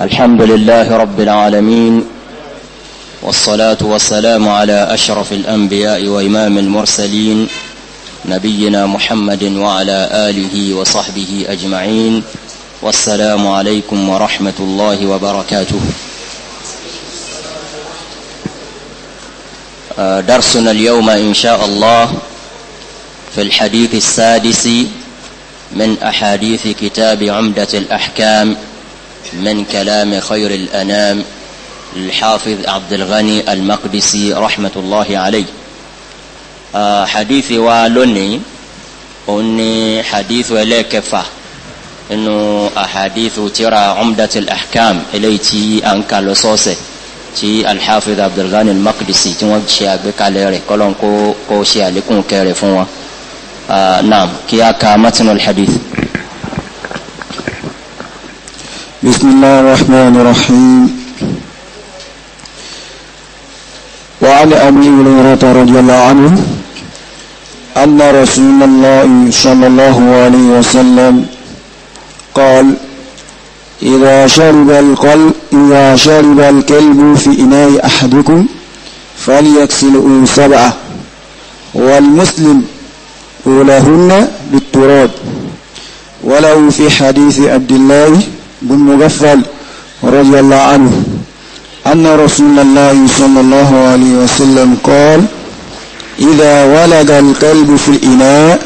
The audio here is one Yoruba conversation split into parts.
الحمد لله رب العالمين والصلاة والسلام على أشرف الأنبياء وإمام المرسلين نبينا محمد وعلى آله وصحبه أجمعين والسلام عليكم ورحمة الله وبركاته آه، درسنا اليوم إن شاء الله في الحديث السادس من أحاديث كتاب عمدة الأحكام من كلام خير الأنام الحافظ عبد الغني المقدسي رحمة الله عليه حديث والوني أني حديث ولكفة إنه أحاديث ترى عمدة الأحكام إليتي أنك لصوصي تي الحافظ عبد الغني المقدسي تي وان شي اغبي كاليري كولون كو كو شي كيري فون نعم كيا كمتن الحديث بسم الله الرحمن الرحيم وعن أبي هريرة رضي الله عنه أن رسول الله صلى الله عليه وسلم قال إذا شرب القلب إذا شرب الكلب في إناء أحدكم فليكسل سبعة والمسلم أولهن بالتراب ولو في حديث عبد الله بن مغفل رضي الله عنه أن رسول الله صلى الله عليه وسلم قال إذا ولد القلب في الإناء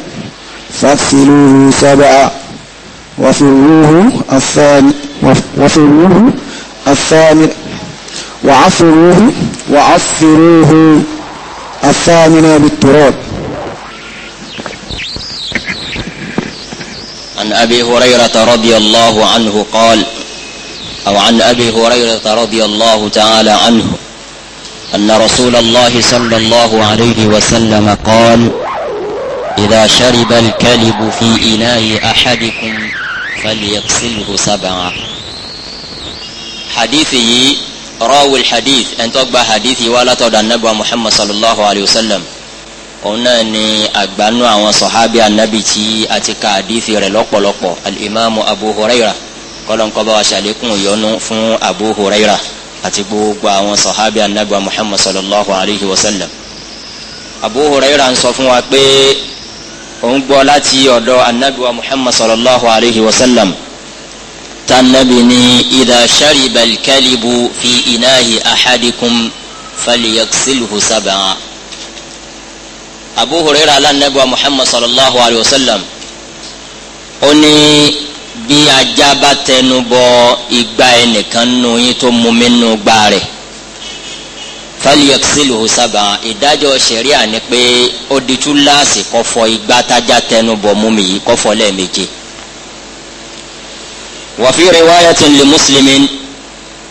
فاغسلوه سبعا وفروه الثاني وفروه الثامن وعفروه وعفروه الثامنة بالتراب عن أبي هريرة رضي الله عنه قال أو عن أبي هريرة رضي الله تعالى عنه أن رسول الله صلى الله عليه وسلم قال إذا شرب الكلب في إناء أحدكم فليغسله سبعا حديثي راوي الحديث أن تقبى حديثي ولا تود النبوة محمد صلى الله عليه وسلم òun náà ni àgbánú àwọn sọ̀hábí anabi tí a ti ka àdífi rẹ̀ lọ́pọ̀lọpọ̀ alimami abu huraira kọ́lọ́nkọ́ba wa ṣàlékún ìyọnu fún abu huraira àti gbogbo àwọn sọ̀hábí anabi wa muhammad sallallahu alayhi wa sallam abu huraira ń sọ fún wa pé òun gbọ́ láti ọ̀dọ̀ anabi wa muhammad sallallahu alayhi wa sallam tanabi ni idà sharibal kalibu fi inahi ahadikum faliyaksilhu sabaa abu huraira alanabi wa muhammad sallallahu alayhi wa sallam ó ní bí ajá bá tẹnu bọ igbá ẹnìkan nù yín tó mú mi nù gbá rẹ̀ fálíyàkísílù sábà ìdájọ́ ṣẹ̀ríà ni pé ó di túláàsì kó fọ igbá tájá tẹnu bọ mú mi yìí kó fọ lẹ́ẹ̀méje. wàfíì riwayatin li muslimin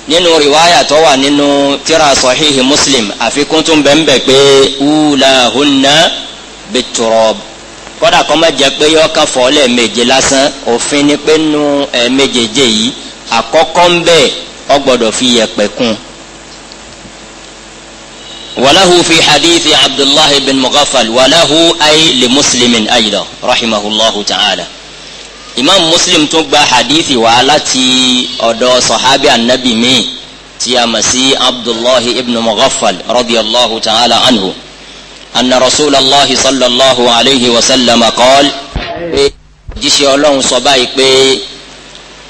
nínú riwaya tó wà nínú tírà sahihi muslim àfikún tún bẹ́ẹ̀ bẹ́ẹ̀ pé wúlà hùnà biturab kódà kọ́ má jẹ́ pé yọ ká fọ́ lẹ́ẹ̀mejì lásán òfin ni pé nu ẹ̀ẹ̀mejèje yìí àkọ́kọ́ ń bẹ̀ ọ gbọ́dọ̀ fi yẹ̀pẹ̀ kún. وله في حديث عبد الله بن مغفل وله أي لمسلم أيضا رحمه الله تعالى imam muslim tún gba hadithi wá láti ọ̀dọ̀ sahabi anabi mi tí a mọ̀ sí abdullahi ibn mughaffal radiyallahu ta'ala anhu anna rasulallah sallallahu alayhi wa sallam qaal pé jíṣẹ́ ọlọ́run sọ báyìí pé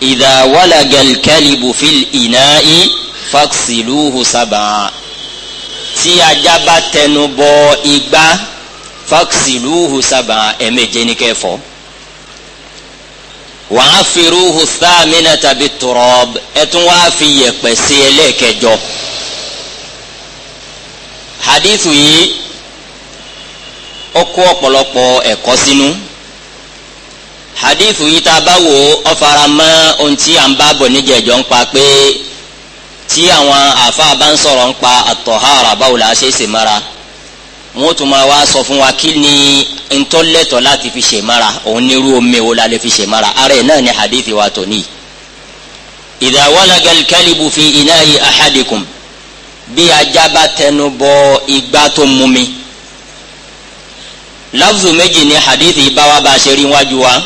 idha walagal kalibu fil ina'i faksiluhu sab'a tí ajá bá tẹnu bọ igbá faksiluhu sab'a ẹ̀ẹ̀méje ní kẹfọ́ wàá firuhu thamina tàbí turab ẹ tún wàá fi yẹ̀pẹ̀ sí ẹlẹ́ẹ̀kẹjọ hadithu yìí ó kó ọ̀pọ̀lọpọ̀ ẹ̀kọ́ sínú hadithu yìí tá a bá wò ó fara mọ́ ohun tí à ń bá bọ̀ níjẹ̀jọ́ ń pa pé tí àwọn àáfàá bá ń sọ̀rọ̀ ń pa àtọ̀hárà báwo la ṣe é sè mara wọn tún máa wá sọ fún wa kí ni ntọ́lẹ́tọ̀ láti fi ṣe mara òun nírú omi wo la lè fi ṣe mara ara ẹ̀ náà ni hadithi wa tó ní. idha walaga al-kalbu fi ina'i ahadikum bí ajá bá tẹnu bọ igbá tó mú mi. lafzu méjì ni hadithi báwa bá ṣe rí wájú wa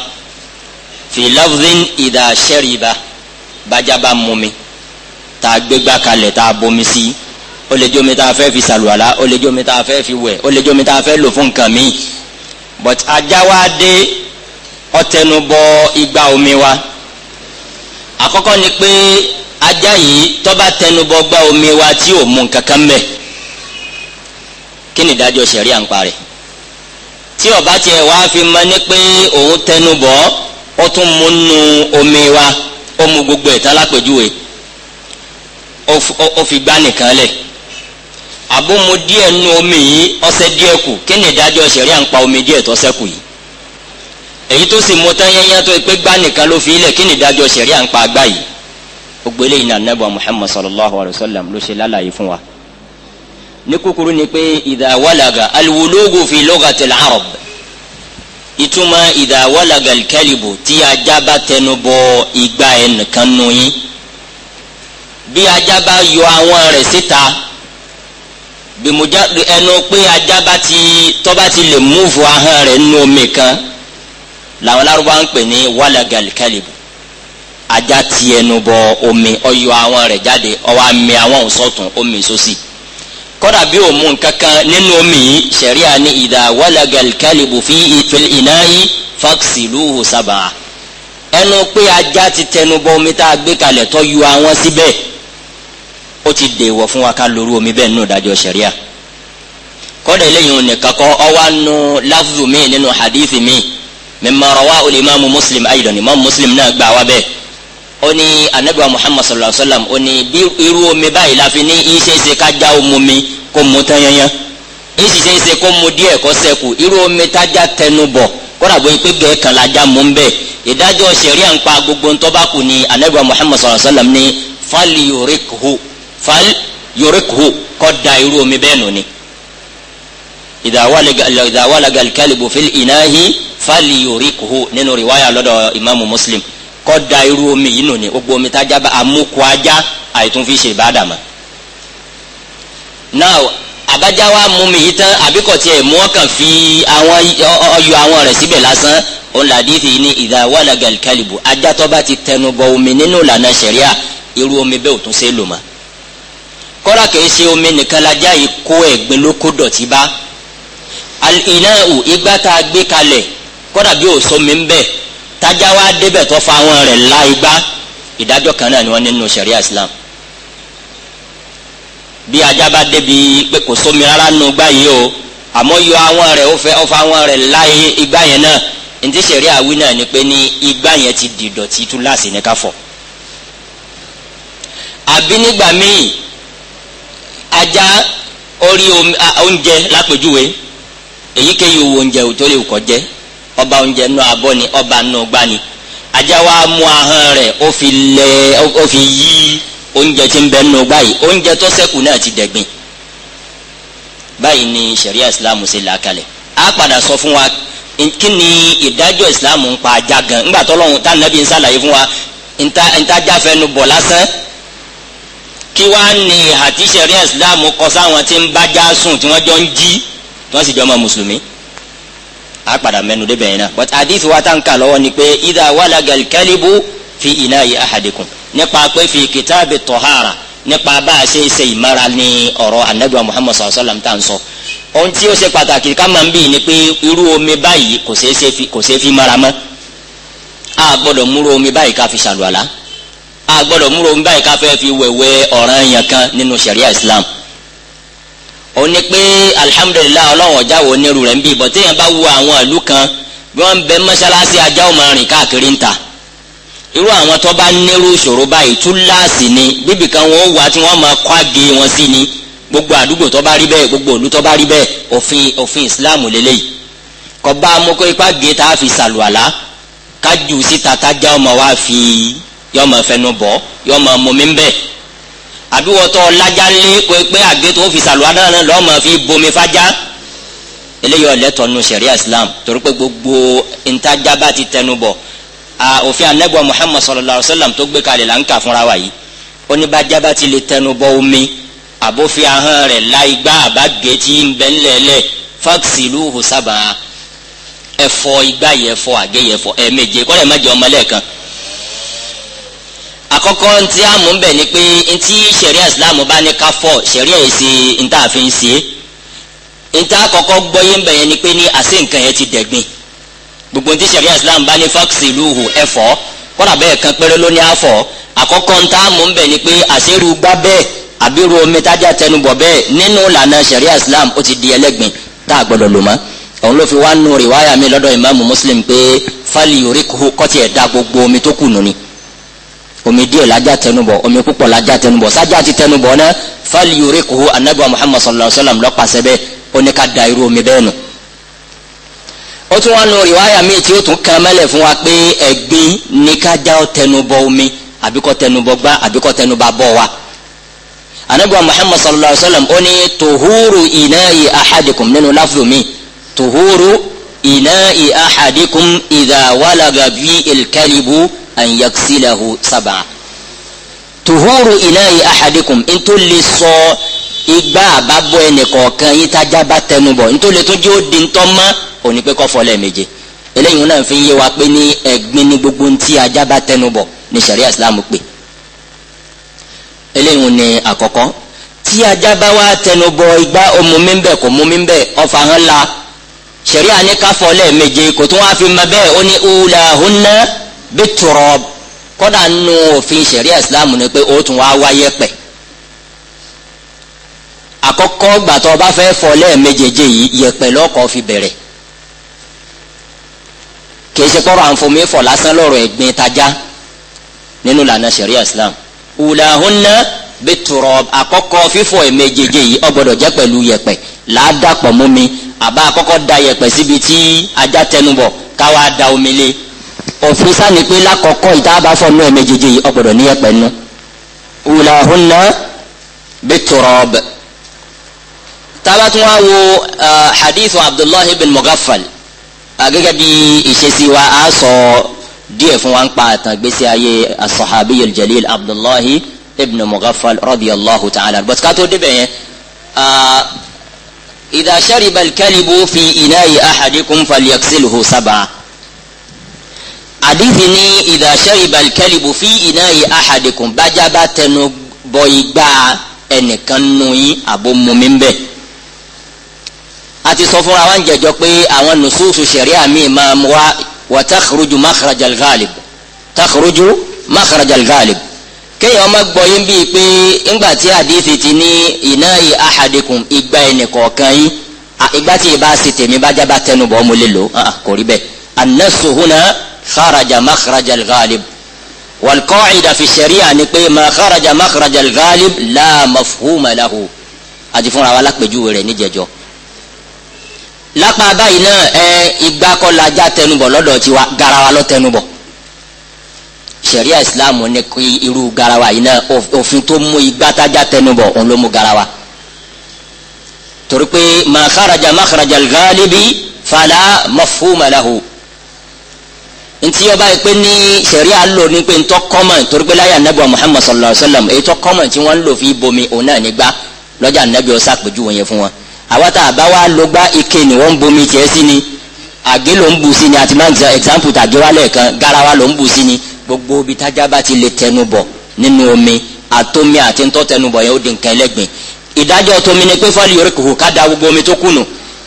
fi lafzin idha shariba bájá bá mú mi tá a gbégbá kalẹ̀ tá a bomi sí i ó lè jómi tá a fẹ́ fi sàlùwàlá ó lè jómi tá a fi wẹ̀ ó lè jómi tá a fẹ́ lò fún but ajá wa dé ọtẹnubọ igba omi wa àkọ́kọ́ ni pé ajá yìí tó bá tẹnubọ gba omi wa tí ò mu nǹkan kan mẹ́ kí ni ìdájọ́ sẹ̀rí à ń parẹ́ tí ọba fi mọ ní pé òun tẹnubọ ó tún mú nu omi wa ó mu gbogbo ẹ̀ tán lápèjúwe fi gbá nìkan lẹ̀ àbómo díẹ̀ nu omi yìí ọsẹ díẹ̀ kù kí ni ìdájọ́ sẹ̀rí à ń pa omi díẹ̀ tó sẹ́kù yìí èyí tó sì mú tán yẹnyẹn tó pé gbá nìkan ló fi ilẹ̀ kí ni ìdájọ́ sẹ̀rí à ń pa agbá yìí gbogbo eléyìí ní anabu muhammad sallallahu alayhi wa sallam ló ṣe lálàyé fún wa ní kúkúrú ni pé ìdáwálaga alwulógo fi lọ́gàtẹ̀lẹ̀ arab ìtumọ̀ ìdáwálaga kẹlìbù tí ajá bá tẹnu bọ ìgbà ẹnìkan nù yín bí ajá bá yọ àwọn rẹ̀ síta bìmùjá ẹnu pé ajá bá ti tó bá ti lè múùfù ahọ́n rẹ̀ nínú omi kan làwọn lárúbá ń pè ní walagal kalib ajá ti ẹnu bọ omi ọyọ àwọn rẹ̀ jáde ọwọ́ àmì àwọn òsọ̀tún omi sósì kódà bí òmu kankan nínú omi yìí sẹ̀ríà ní ìdá walagal kalib fi iná yìí fáksìlúhù sábà ẹnu pé ajá ti tẹnu bọ omi tá a gbé kalẹ̀ tó yọ àwọn síbẹ̀. Si ó ti dèwọ̀ fún wa ká lóru omi bẹ́ẹ̀ nínú ìdájọ́ sẹ̀ríà kọ́dà eléyìí ò nìkan kọ́ ọ wá nu láfùzù míì nínú hadith míì mimma rawahu al-imamu muslim aydan imam muslim náà gbà wá bẹ́ẹ̀ ó ní anabiwa muhammad sallallahu alayhi wa sallam ó ní bí irú omi báyìí la fi ní ìṣeéṣe ká já omi mi kó mu tán yányán ìṣiṣeéṣe kó mu díẹ̀ kó ṣẹ́kù irú omi tájà tẹnu bọ̀ kọ́dà bóyá pé gẹ̀ẹ́kan la já mu bẹ́ẹ̀ ìdájọ́ sẹ̀ríà ń pa gbogbo ntọ́bákù ni anabiwa muhammad sallallahu alayhi wa sallam ní fali yorikhu fal yorikhu kọ́ da irú omi bẹ́ẹ̀ nù ni ìdáwàlaga alikalibu fil inahi fal yorikhu nínú riwaya lọ́dọ̀ imaamu muslim kọ́ da irú omi yìí nù ni gbogbo omi tájà bá amúkú ajá àìtún fi ṣe ìbádàmà now abájá wa mú mi yìí tán àbíkọ̀ fi àwọn ọyọ àwọn rẹ̀ síbẹ̀ lásán òun làdífi ní ìdá wàlàgà alikalibu ajá tó ti tẹnubọ omi nínú ìlànà sẹ̀ríà irú omi bẹ́ẹ̀ ò tún ṣe é kọ́ra kìí ṣe omi nìkan lajá yìí kó ẹ̀gbin ló kó dọ̀tí bá al-ina'u igbá tá a gbé kalẹ̀ kọ́ra bí òsomi ń bẹ̀ tájá wa débẹ̀ tó fa àwọn rẹ̀ la igbá ìdájọ́ kan náà ni wọ́n nínú sharia islam bí ajá bá débi pé kò sómi rárá nù gbá yìí o àmọ́ yọ àwọn rẹ̀ ó fẹ́ ọ̀fọ̀ àwọn rẹ̀ la igbá yẹn náà ntí sharia wí náà ni pé ní igbá yẹn ti di dọ̀tí túláàsì ní káfọ̀ àbí nígbà míì ajá orí oúnjẹ lápèjúwe èyíkéyìí owó oúnjẹ ò tó lè kọ́ jẹ́ ọba oúnjẹ náà abọ ni ọba náà gbá ni ajá wa mú ahọ́n rẹ̀ ó fi lẹ ó fi yí oúnjẹ tí ń bẹ nù báyìí oúnjẹ tó ṣẹ́kù náà ti dẹ̀gbìn báyìí ni ṣẹ̀ríà islam ṣe là kalẹ̀ á padà sọ fún wa kí ni ìdájọ́ ìsìláàmù ń pa ajá gan ńgbà tọ́lọ́hún tá nàbí ń ṣàlàyé fún wa ń tá jáfẹ́ nu bọ̀ lásán kí wàá ní ìhà tí sẹ̀rí ẹ̀sìlámù kọ sáwọn tí ń bájá sùn tí wọ́n jọ ń jí tí wọ́n sì jọ ọmọ mùsùlùmí a padà mẹ́nu débẹ̀ yẹn náà but àdìsí wa tá n kà lọ́wọ́ ni pé ìdá wàlágàl kẹ́líbù fi iná yìí ahadikum nípa pé fi kìtàbì tọ̀hárà nípa bá a ṣe ń ṣe ìmára ní ọ̀rọ̀ anagba muhammad sallallahu alayhi wa sallam tá n sọ ohun tí ó ṣe pàtàkì ká máa ń bì ní pé irú omi báyìí kò ṣeé fi mára mọ́ a gbọ́dọ̀ múrú omi báyìí ká fi ṣàlùwàlá a gbọ́dọ̀ múro ń báyìí ká fi wẹ̀wẹ́ ọ̀ràn yẹn kan nínú sharia islam ó ní pé alihamudulilayi ọlọ́run ọjà wo nírú rẹ̀ ń bí bọ̀ téèyàn bá wo àwọn ìlú kan bí wọ́n ń bẹ mọ́ṣáláṣí ajá ò máa rìn káàkiri ń ta irú àwọn tó bá nírú ìṣòro báyìí túláàsì ni bíbì kan wọn ó wà tí wọ́n máa kọ́ àgé wọn sí ni gbogbo àdúgbò tó bá rí bẹ́ẹ̀ gbogbo ìlú tó bá rí bẹ́ẹ̀ òfin òfin islam lélẹ́yìí kọ́ bá amókó ipá gé tá a fi sàlùwàlá kájú síta tájá ọmọ wa fi yọ ma fẹnu bọ yọ ma mumi bẹ àbí wọtọ lajalé pé àgbé tó fi sàlùwà náà lọ ma fi bomi fajá eléyìí ọlẹtọ nu sẹríà islam torí pé gbogbo ntajà bá ti tẹnu bọ òfin anagba muhammad sallallahu alaihi wa sallam tó gbé kalẹ̀ la ń kà fúnra wa yìí oníbàjá bá ti lè tẹnu bọ omi àbófin ahọ́n rẹ̀ láì gbá àbá gẹ̀ẹ́tì ń bẹ́ ńlẹ̀ẹ́lẹ̀ fáksì lùhùn sábà ẹ̀fọ́ igbá yẹ̀fọ́ àgẹ́yẹ̀fọ́ ẹ̀ẹ̀méje kọ́lẹ̀ má jẹ́ àkọ́kọ́ tí a mú ń bẹ̀ ni pé ntí sẹ̀ríà ìsìláàmù bá ní ká fọ̀ sẹ̀ríà èsì ntá àfin ṣe é ntá àkọ́kọ́ gbọ́yé ń bẹ̀ yẹn ni pé ní àṣẹ nǹkan yẹn ti dẹ̀gbìn gbogbo ntí sẹ̀ríà ìsìláàmù bá ní fọ́ọ̀kì ìlúhù ẹ̀fọ́ kọ́ra bẹ́ẹ̀ kan péré ló ní àfọ̀ àkọ́kọ́ ntá mú ń bẹ̀ ni pé àṣẹrù gbá bẹ́ẹ̀ àbírú omi tájà tẹnubọ̀ bẹ́ẹ̀ nínú ìlànà sẹ̀ríà ìsìláàmù ó ti di ẹlẹ́gbìn tá a gbọ́dọ̀ lò mọ́ òun ló fi wá nù rìwáyà mi lọ́dọ̀ ìmáàmù Muslim pé fali yorì kọ́tì ẹ̀dá gbogbo omi tó kù nù ni omi díẹ̀ lajá tẹnubọ̀ omi púpọ̀ lajá tẹnubọ̀ sájà ti tẹnubọ̀ náà fali yorì kuhu anabi muhammad sallallahu alayhi wa sallam lọ́pàṣẹ bẹ́ẹ̀ ó ní ká da irú omi bẹ́ẹ̀ nù. ó tún wá nu rìwáyà míì tí ó tún kan mẹ́lẹ̀ fún wa pé ẹ̀gbin ní ká tẹnubọ̀ omi àbíkọ́ tẹnubọ̀ gbá àbíkọ́ tẹnubọ̀ bọ̀ wa. anabi muhammad sallallahu alayhi wa sallam ó ní tuhuru inayi ahadikum nínú láfù mi tuhuru inayi ahadikum idha walaga bi ilkalibu an yaksilahu sab'a tuhuru inayi ahadikum ntó lè sọ igbá àbábọ ẹnìkọ̀ọ̀kan yín tájà bá tẹnubọ̀ ntó lè tó jẹ́ ó di ntọ́ mọ́ òní pé kọ́ fọlẹ́ méje eléyìí náà fi ń yé wa pé ní ẹ̀gbin ní gbogbo ntí ajá bá tẹnubọ̀ ní sariya islam pè eléyìí ni àkọ́kọ́ tí ajá bá wá tẹnubọ̀ igbá ọmú mi ń kò mú mi ń ọfà hàn la sariya ní ká méje kò tún wá fi mọ bẹ́ẹ̀ ó ní ula bí tùrọ̀ kọ́dà nínú òfin ṣẹ̀ríà ìsìláàmù ni pé ó tún wá wáyé pẹ̀ àkọ́kọ́ gbà tó bá fẹ́ fọ lẹ́ẹ̀mejèèje yìí yẹ̀pẹ̀ lọ́kọ̀ fi bẹ̀rẹ̀ kì í ṣe kọ́rọ̀ àǹfọ̀mí fọ̀ lásán lọ́rọ̀ ẹ̀gbin tajá nínú lànà ṣẹ̀ríà islam wùlàhùnà bí tùrọ̀ àkọ́kọ́ fífọ̀ ẹ̀mejèèje yìí ó gbọ́dọ̀ jẹ́ pẹ̀lú yẹ̀pẹ̀ làádàpọ̀ mú mi àbá àkọ́kọ́ da yẹ̀pẹ̀ síbi tí ajá tẹnubọ̀ káwá da omi lé òfin sani pé lákọ̀ọ́kọ́ ìtaaba fọ́nù ẹ̀ méjèèjì yìí ọ̀gbọ̀dọ̀ ní ẹ̀pẹ̀ nù wùlàhùnà biturab tabatun wa wo hadithu abdullahi bin mughaffal gẹ́gẹ́ bí ìṣesí wa a sọ díẹ̀ fún wa ń pa àtàn gbèsè ayé asahabi aljalil abdullahi ibn mughaffal radiyallahu ta'ala bọ́tí ká tó débẹ̀ yẹn. idha shariba alkalibu fi ina'i ahadikum falyaksiluhu sab'a àdìsí ní ìdàṣẹ́ ìbàlìkẹ́lìbù fi iná yìí àhàdìkùn bájá bá tẹnu bọ igbá ẹnìkan nù yín àbomumi ń bẹ̀. a ti sọ fúnra wa ń jẹjọ pé àwọn nùsùsù sẹ̀ríà míì máa mú wa wà táxurujú máxarajal ghalib táxurujú máxarajal ghalib kéèyàn ọmọ gbọ́ yín bíi pé ńgbà tí àdìsí ti ní iná yìí àhàdìkùn igbá ẹnìkọ̀ọ̀kan yín ìgbà tí ìbá sì tèmi bájá tẹnu bọ̀ ọ́ lò kò rí bẹ́ẹ̀ kharaja makharaja al-ghalib wal-qa'ida fi sharia ni pé ma kharaja makharaja al-ghalib la mafhuma lahu àti fúnra wa lápèjúwe rẹ̀ níjẹjọ́ lápá báyìí náà ẹ igbákọ́lájà tẹnubọ̀ lọ́dọ̀ tiwa garawa lọ tẹnubọ̀ sẹ̀ríà ìsìláàmù ní irú garawa yìí náà òfin tó mú igbátajà tẹnubọ̀ òun ló mú garawa torí pé ma kharaja makharaja al-ghalibi fala mafhuma lahu ntí ọba yìí pé ní sẹ̀ríà lò ní pé ntọ́ kọ́mọ̀ torí pé láyà nàbọ̀ muhammad sallallahu alayhi wa sallam èyí tọ́ kọ́mọ̀ tí wọ́n ń lò fi bomi òun náà nígbà lọ́jà nàbí ọ̀sà pẹ̀jú wọn yẹn fún wọn. àwa tá a gbá ike ni wọ́n ń bomi tiẹ̀ sí ni àgé ló ń bu sí ni àti máa ń sọ example tàgé wa lẹ́ẹ̀kan garawa ló ń bu sí ni gbogbo ibi tájà bá ti lè tẹnubọ̀ nínú omi àtomi àti ntọ́ tẹnubọ̀ yẹn ó di nǹkan ẹlẹ́gbìn ìdájọ́ tómi ni pé fọ́ọ̀lì yorùkù ká da gbogbo omi tó kùnù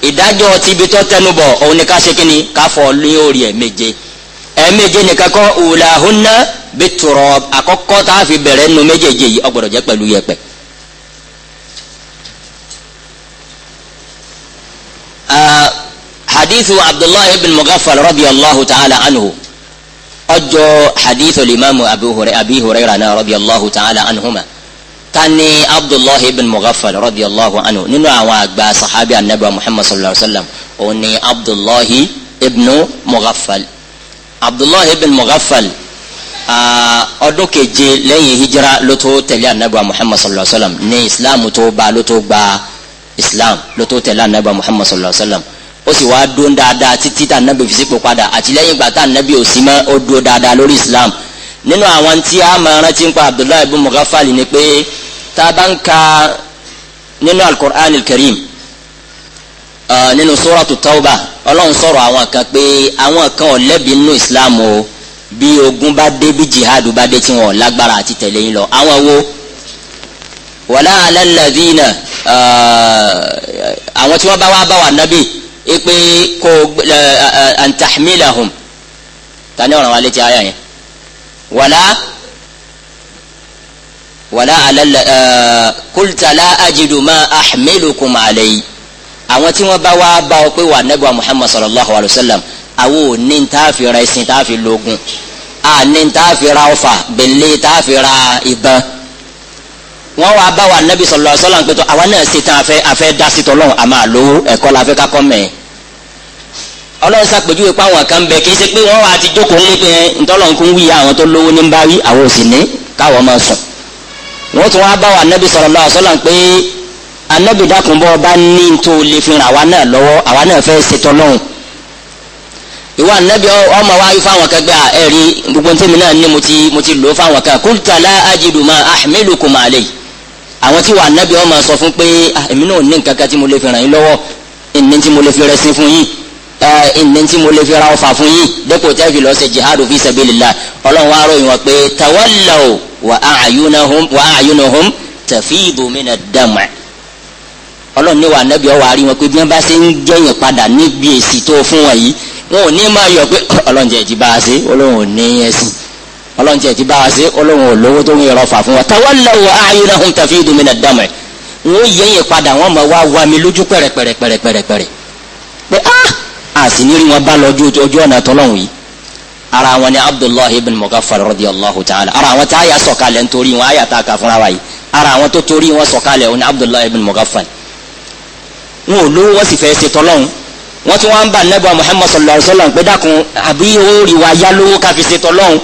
ìdájọ́ tibitọ́ tẹnubọ̀ òun ni ká ṣe kínni ká fọ́ ọ lórí ẹ̀ méje ẹ̀ẹ́mẹ́jẹ nìkan kọ́ ulahunna biturab àkọ́kọ́ tá a fi bẹ̀rẹ̀ nu méjèèjì yìí ọgbọ́dọ̀ jẹ́ pẹ̀lú yẹ̀pẹ̀. hadithu abdullahi ibn mughaffal radiyallahu ta'ala anhu ọjọ́ hadithu limamu abi hurairah náà radiyallahu ta'ala anhuma tani abdullahi ibn mughaffal radiyallahu anhu nínú àwọn àgbà sahabi anabi muhammad sallallahu alaihi wa sallam òun ni abdullahi ibn mughaffal abdullahi ibn mughaffal ọdún keje lẹ́yìn hijira ló tó tẹ̀lé anabi muhammad sallallahu alayhi wa sallam ní islam tó bá ló tó gba islam ló tó tẹ̀lé anabi muhammad sallallahu alayhi wa sallam ó sì wá dún dáadáa títí tá anabi fi sípò padà àti lẹ́yìn ìgbà tá anabi ò sí mọ́ ó dún dáadáa lórí islam nínú àwọn tí a máa rántí nípa abdullahi ibn mughaffal ni pé tá a bá ń ka nínú alukur'an karim nínú suratu tawba ọlọ́run sọ̀rọ̀ àwọn kan pé àwọn kan ò lẹ́bi nínú islam o bí ogun bá dé bí jihad bá dé tí wọn ò lágbára àti tẹ̀lé yín lọ àwọn wo wàlá alálàdínà uh, àwọn tí wọ́n bá wá bá wà nábì pé kò uh, antahmilahum tani ọ̀ràn wa létí ayé yẹn wàlá wàlá alálà kultala uh, ajidu ma àwọn tí wọ́n bá wá bá ọ pé wà nẹ́bà Muhammad sallallahu alayhi wa sallam àwọn ò ní ní táàfin ra ẹṣin táàfin lógun à ní ní táàfin ra ọfà bèlè táàfin ra ìbọn wọ́n wá bá wà nẹ́bì sallallahu alayhi wa sallam pé tó àwa náà ṣe tán afẹ́ afẹ́ dá sí tọ́lọ́ àmà àlò ẹ̀kọ́ la fẹ́ kákọ́ mẹ́ ọlọ́run ṣàpèjúwe pé àwọn kan bẹ kì í ṣe pé wọ́n wá ti jókòó ní pé ntọ́lọ́nkún wí àwọn tó lówó ní báwí àwọn ò sì ní káwọn máa sùn wọ́n tún wá bá wà nẹ́bì sallallahu alayhi wa sallam pé anabi dàkúnbọ ọba ní tó lè fi ràn àwa náà lọ́wọ́ àwa náà fẹ́ ṣètò lọhùn ìwà anabi ọmọ wa fáwọn kan gbà ẹ rí gbogbo ntẹ́mi náà ní mo ti mo ti lò fáwọn kan kúntàlá ajiduma ahmelukum alayhi àwọn tí wà nábì ọmọ sọ fún pé èmi náà ní nǹkan tí mo lè fi ràn yín lọ́wọ́ ìní tí mo lè fi rẹsí fún yín ìní tí mo lè fi ra ọfà fún yín dépò tẹ́ fi lọ ṣe jihadu fi sabilillah ọlọ́run wa ròyìn wọn pé tawallaw wa a'yunuhum wa a'yunuhum tafidu mina ad ọlọ́run ní wà nẹ́bí ọwọ́ àrí wọn pé bí wọ́n bá ṣe ń jẹ́yìn padà níbi èsì tó fún wọn yìí wọn ò ní máa yọ pé ọlọ́run jẹ́ ti bá a ṣe ọlọ́run ò ní ẹ̀sìn ọlọ́run jẹ́ ti bá a ṣe ọlọ́run ò lówó tó ń yọrọ fà fún wọn tawallaw a'yunahum tafidu mina ad-dam' wọn ó yẹ́yìn padà wọn máa wá wá mi lójú pẹ̀rẹ̀pẹ̀rẹ̀pẹ̀rẹ̀pẹ̀rẹ̀ pé ah! a sì ara wọn ni ibn mughaffal radiyallahu ta'ala ara wọn tí a yà sọ̀kalẹ̀ nítorí wọn ara wọn tó torí wọn sọ̀kalẹ̀ wọn ibn mughaffal wọn ò lówó wọ́n sì fẹ́ ṣe tọ́lọ́hún wọ́n tún wá ń bá nẹ́bà Muhammad sallallahu alayhi wa sallam pé dákun àbí ó rí wa yá lówó ká fi ṣe tọ́lọ́hún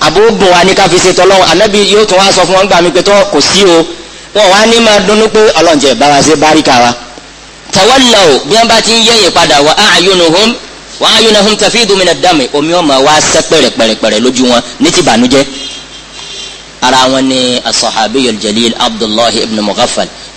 àbógun wa ní ká fi ṣe tọ́lọ́hún anábì yóò tún wá sọ fún wọn gbà mí pé tọ́ kò sí o wọn wá ní máa dunnú pé ọlọ́njẹ bára ṣe báríkà wa tawalla o bí wọn bá ti ń yẹ̀yẹ̀ padà wá a'yunuhum wa a'yunuhum tafidu min ad-dami omi ọmọ wa sẹ́ pẹ̀rẹ̀pẹ̀rẹ̀ lójú wọn ní ti bànújẹ́ ara wọn ni as-sahabiyul Abdullahi ibn Mughaffal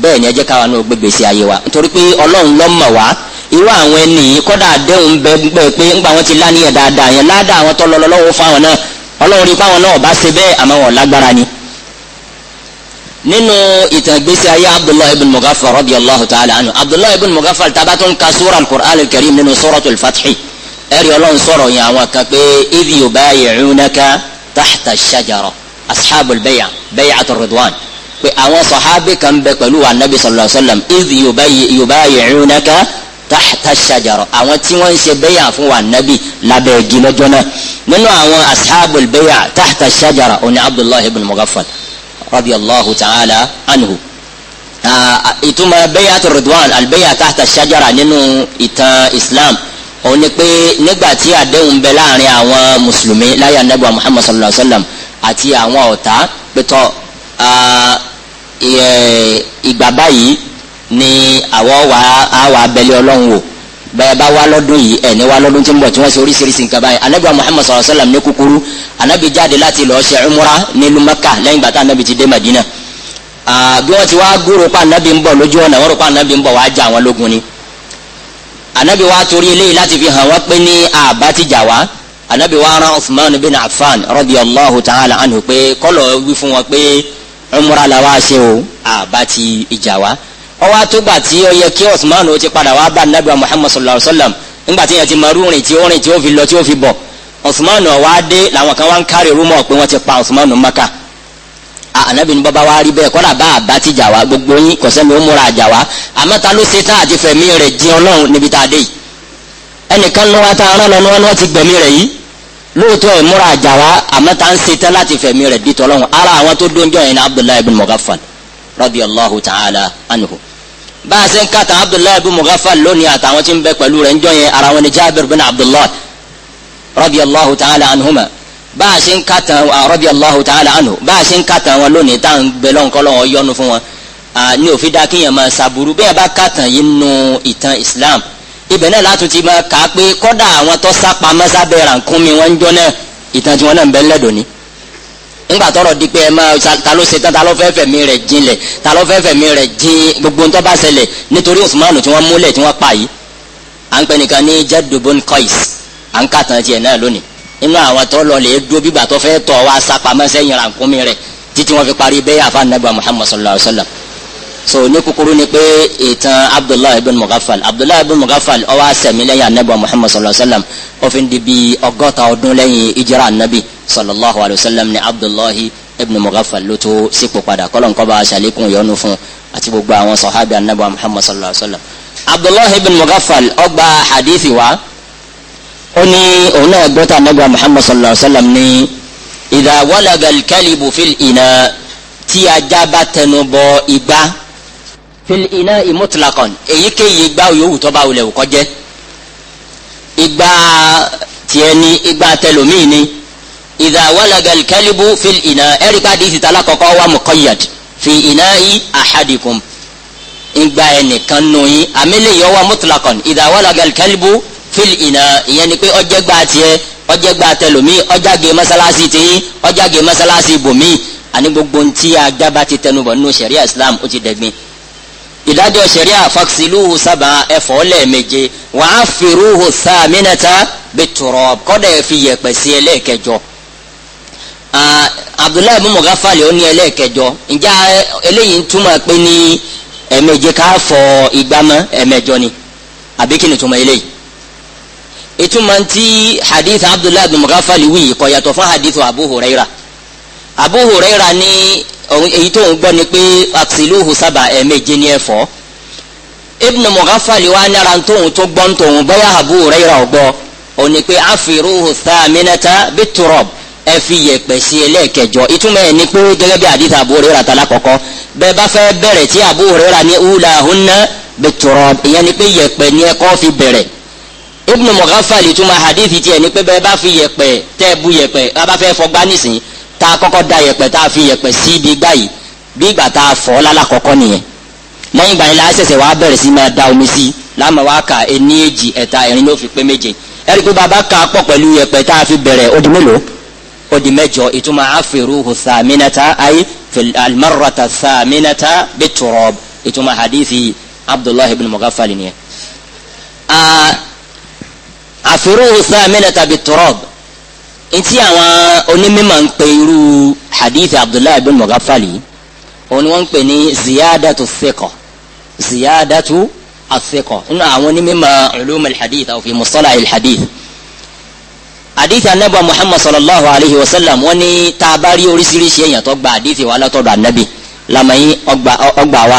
bẹ́ẹ̀ ni ẹ jẹ́ káwa náà gbé gbèsè ayé wa nítorí pé ọlọ́run ló mọ̀ wá irú àwọn ẹni kọ́dà àdéhùn bẹ gbẹ pé ńgbà wọn ti láníyàn dáadáa yẹn ládàá àwọn tọ́lọ lọ́wọ́ fáwọn náà ọlọ́run rí fáwọn náà ọba ṣe bẹ́ẹ̀ àmọ́ wọn lágbára ni. nínú ìtàn ìgbésí ayé abdullahi ibn mughaffal radiyallahu ta'ala anhu abdullahi ibn mughaffal tabatun ka sura al-qur'an al-karim nínú suratul fathi ẹ̀rí ọlọ́run pé àwọn sọ̀hábì kan bẹ pẹ̀lú anabi sallallahu alayhi wa sallam izi yubayi'unaka tahta shajara àwọn tí wọ́n ń ṣe bẹ́yà fún wa nabi lábẹ́ igi lọ́jọ́ náà nínú àwọn ashabul bẹ́yà tahta shajara oní abdullahi ibn mughaffal radiyallahu ta'ala anhu. ìtumọ̀ bẹ́yà tó ridwan albẹ́yà tahta shajara nínú ìtàn islam òun ni pé nígbà tí àdéhùn bẹ láàrin àwọn mùsùlùmí láyà nabi wa muhammad sallallahu alayhi wa sallam àti àwọn ọ̀tá pẹ̀tọ́ ìgbà báyìí ni àwọn wà á wà abẹ́lé ọlọ́run wò bẹ́ẹ̀ bá wá lọ́dún yìí ẹ̀ ní wá lọ́dún tí ń bọ̀ tí wọ́n ṣe oríṣiríṣi nǹkan báyìí anabi muhammad sallallahu alayhi wa sallam ní kúkúrú anabi jáde láti lọ́ọ́ ṣe umra nílùú mẹ́kà lẹ́yìn gbàtà anabi ti dé madina bí wọ́n ti wá gúrò pa anabi ń bọ̀ lójú ọ̀nà wọ́n rò pa anabi ń bọ̀ wá já àwọn lógun ni anabi wa torí eléyìí láti fi hàn wọ́n pé ní àbá ti jà wá anabi wa ran usman bin affan radiyallahu ta'ala anhu pé kọ́lọ̀ wí fún wọn pé umra la ṣe o àbá ti ìjà wa ọwọ́ àtúgbà tí ó yẹ kí Usman ó ti padà wá bá nàbíyà Muhammad sallallahu alayhi wa sallam nígbà tí yẹn ti mọ rúrin tí ó rìn tí ó fi lọ tí ó fi bọ̀ Usman wá dé làwọn kan wá ń kárẹ̀ rúmọ̀ pé wọ́n ti pa Usman maka anabi ní bàbá wa rí bẹ́ẹ̀ kọ́dà bá àbá ti jà wá gbogbo yín kò sẹ́mi ó múra àjà wá àmọ́ ta ló ṣe tá àti fẹ̀mí rẹ̀ jẹun náà níbi tá a dé yìí ẹnìkan ló wá tá wọn ti gbẹ̀mí rẹ̀ yìí lóòótọ́ ìmúra àjàrà àmọ́ tá ń ṣetán láti fẹ̀mí rẹ̀ dìtọ̀ lọ́hùn ara àwọn tó dóńjọ yẹn ní abdullahi ibn mughaffal radiyallahu ta'ala anhu bá a ṣe ń kàtà abdullahi ibn mughaffal lónìí àtàwọn tí ń bẹ pẹ̀lú rẹ̀ ń jọ yẹn ara wọn ni jabir bin abdullahi radiyallahu ta'ala anhuma bá a ṣe ń kàtà radiyallahu ta'ala anhu bá a ṣe ń kàtà wọn lónìí tá ń bẹ lọ́nkọ́lọ́wọ́ yọnu fún wọn ní òfin dákìyàn máa ṣàbùrú bẹ́ẹ̀ bá kàtà yìí nù ìtàn islam ibẹ̀ náà látún ti máa kà á pé kọ́dà àwọn tó sápa mọ́sábẹ́ rànkúnmi wọn ń jọ náà ìtàn tí wọn náà ń bẹ ńlẹ́dọ̀ ni ńgbà tọrọ di pé ẹ máa ta ló ṣe tán ta ló fẹ́ fẹ̀mí rẹ̀ jinlẹ̀ ta ló fẹ́ fẹ̀mí rẹ̀ jin gbogbo ńtọ́ bá ṣẹlẹ̀ nítorí Usmanu tí wọ́n múlẹ̀ tí wọ́n pa yìí à ń pẹ́ nìkan ní jẹ́dùbọ́n kọ́ìs à ń kàtàn tiẹ̀ náà lónìí inú àwọn tó lọ lè dúró bígbà tó fẹ́ tọ̀ wá sápamọ́ sẹ́yìn rànkúnmi rẹ̀ títí wọ́n fi parí bẹ́ẹ̀ àfa nàgbà Muhammad sallallahu alayhi wa sallam so ní kúkúrú ni pé ìtàn abdullahi ibn mughaffal abdullahi ibn mughaffal ó wá ṣẹ̀mí lẹ́yìn anabi muhammad sallallahu alayhi wa sallam ó fi di bí ọgọ́ta ọdún lẹ́yìn ìjírà anabi sallallahu alayhi wa sallam ni abdullahi ibn mughaffal ló tó sípò padà kọ́lọ́nkọ́ aṣàlékún ìyọnu fún àti gbogbo àwọn sọ̀hábì anabi muhammad sallallahu alayhi wa sallam abdullahi ibn mughaffal ó hadithi wa ó ní òun náà gbọ́ta anabi muhammad sallallahu alayhi wa sallam ní idha walaga al-kalibu fil tí ajá bá tẹnu bọ fil ina'i mutlaqan èyíkéyìí ìgbà yòówù tó bá wulẹ̀ wò kọjẹ́ ìgbà tiẹ̀ ni ìgbà tẹlòmíì ni idha walaga al-kalbu fil ina'i ẹ̀rí pàdé ìsìtà alákọ̀ọ́kọ́ wa muqayyad fi ina'i ahadikum ìgbà ẹnìkan nù yín àmìlẹ́yìn ọwọ́ mutlaqan idha walaga al-kalbu fil ina'i ìyẹn ni pé ọjẹ́ gbà tiẹ̀ ọjẹ́ gbà tẹlòmíì ọjàgé mọ́sálásí tiyín ọjàgé mọ́sálásí bòmíì gbogbo ntí agbábá ti tẹnubọ̀ nínú sẹ̀ríà Islam ó ti dẹ̀gbin ìdájọ́ sẹ̀ríà fàksìlúhu sábà ẹ̀fọ́ lẹ́ẹ̀meje wà á fìrúhu sàmínàta bìtùrọ̀ kọ́dà fi yẹ̀pẹ̀ sí ẹlẹ́ẹ̀kẹjọ. abdullahi ibn mugafali ó ní ẹlẹ́ẹ̀kẹjọ ǹjẹ́ eléyìí ń túmọ̀ pé ní ẹ̀ẹ̀meje ká fọ ìgbámọ́ ẹ̀ẹ̀mẹjọ ni àbí kí ni túmọ̀ eléyìí. ìtumọ̀ ti hadith abdullahi ibn mugafali wí kò yàtọ̀ fún hadith abu huraira abu huraira ní èyí tó ń gbọ́ ni pé àtìlúhù sábà ẹ̀ẹ̀mejì ní ẹ̀fọ́ ibn mughafali wa nara tóun tó gbọ́n tóun bóyá abu rẹ́yìrà ọgbọ́ ò ní pé àfìrúhù sàmínátà bitturab ẹ fi yẹ̀pẹ̀ sí ẹlẹ́ẹ̀kẹjọ ìtumọ̀ ẹ̀ ni pé gẹ́gẹ́ bí àdìsá abu rẹ́yìrà tala kọ̀kọ́ bẹ́ẹ̀ bá fẹ́ bẹ̀rẹ̀ tí abu rẹ́yìrà ní ulahunna bitturab ìyẹn ni pé yẹ̀pẹ̀ ni ẹ kọ́ fi bẹ̀rẹ̀ ibn mughafali túmọ̀ hadith tiẹ̀ ni pé bẹ́ẹ̀ bá fi yẹ̀pẹ̀ tẹ́ bu yẹ̀pẹ̀ bá fẹ́ fọgbá nísìnyí tá a kọ́kọ́ da yẹ̀pẹ̀ tá a fi yẹ̀pẹ̀ sí ibi gbá yìí bí ìgbà tá a fọ̀ lálá kọ́kọ́ nìyẹn lẹ́yìn ìgbà yẹn la ṣẹ̀ṣẹ̀ wàá bẹ̀rẹ̀ sí máa da omi sí láàmú wa kà ení èjì ẹ̀ta ẹ̀rin ló fi pé méje ẹ̀rí pé bàbá ka pọ̀ pẹ̀lú yẹ̀pẹ̀ tá a fi bẹ̀rẹ̀ ó di mélòó ó di mẹ́jọ ìtumọ̀ afiruhu thaminata ayé almarata thaminata biturab ìtumọ̀ hadithi abdullahi ibn mughaffal nìyẹn. afiruhu ah, thaminata biturab ntí àwọn onímọ̀ ń pe irú hadith abdullahi bin mugafali òun ni wọ́n ń pè ní ziyadatu thiqa ziyadatu athiqa nínú àwọn onímọ̀ ulum alhadith aw fi mustalah alhadith hadith anabi muhammad sallallahu alayhi wa sallam wọ́n ní tá a bá rí oríṣiríṣi èèyàn tó gba hadith wa látọ̀dọ̀ anabi lamẹ́yìn ọgbà wa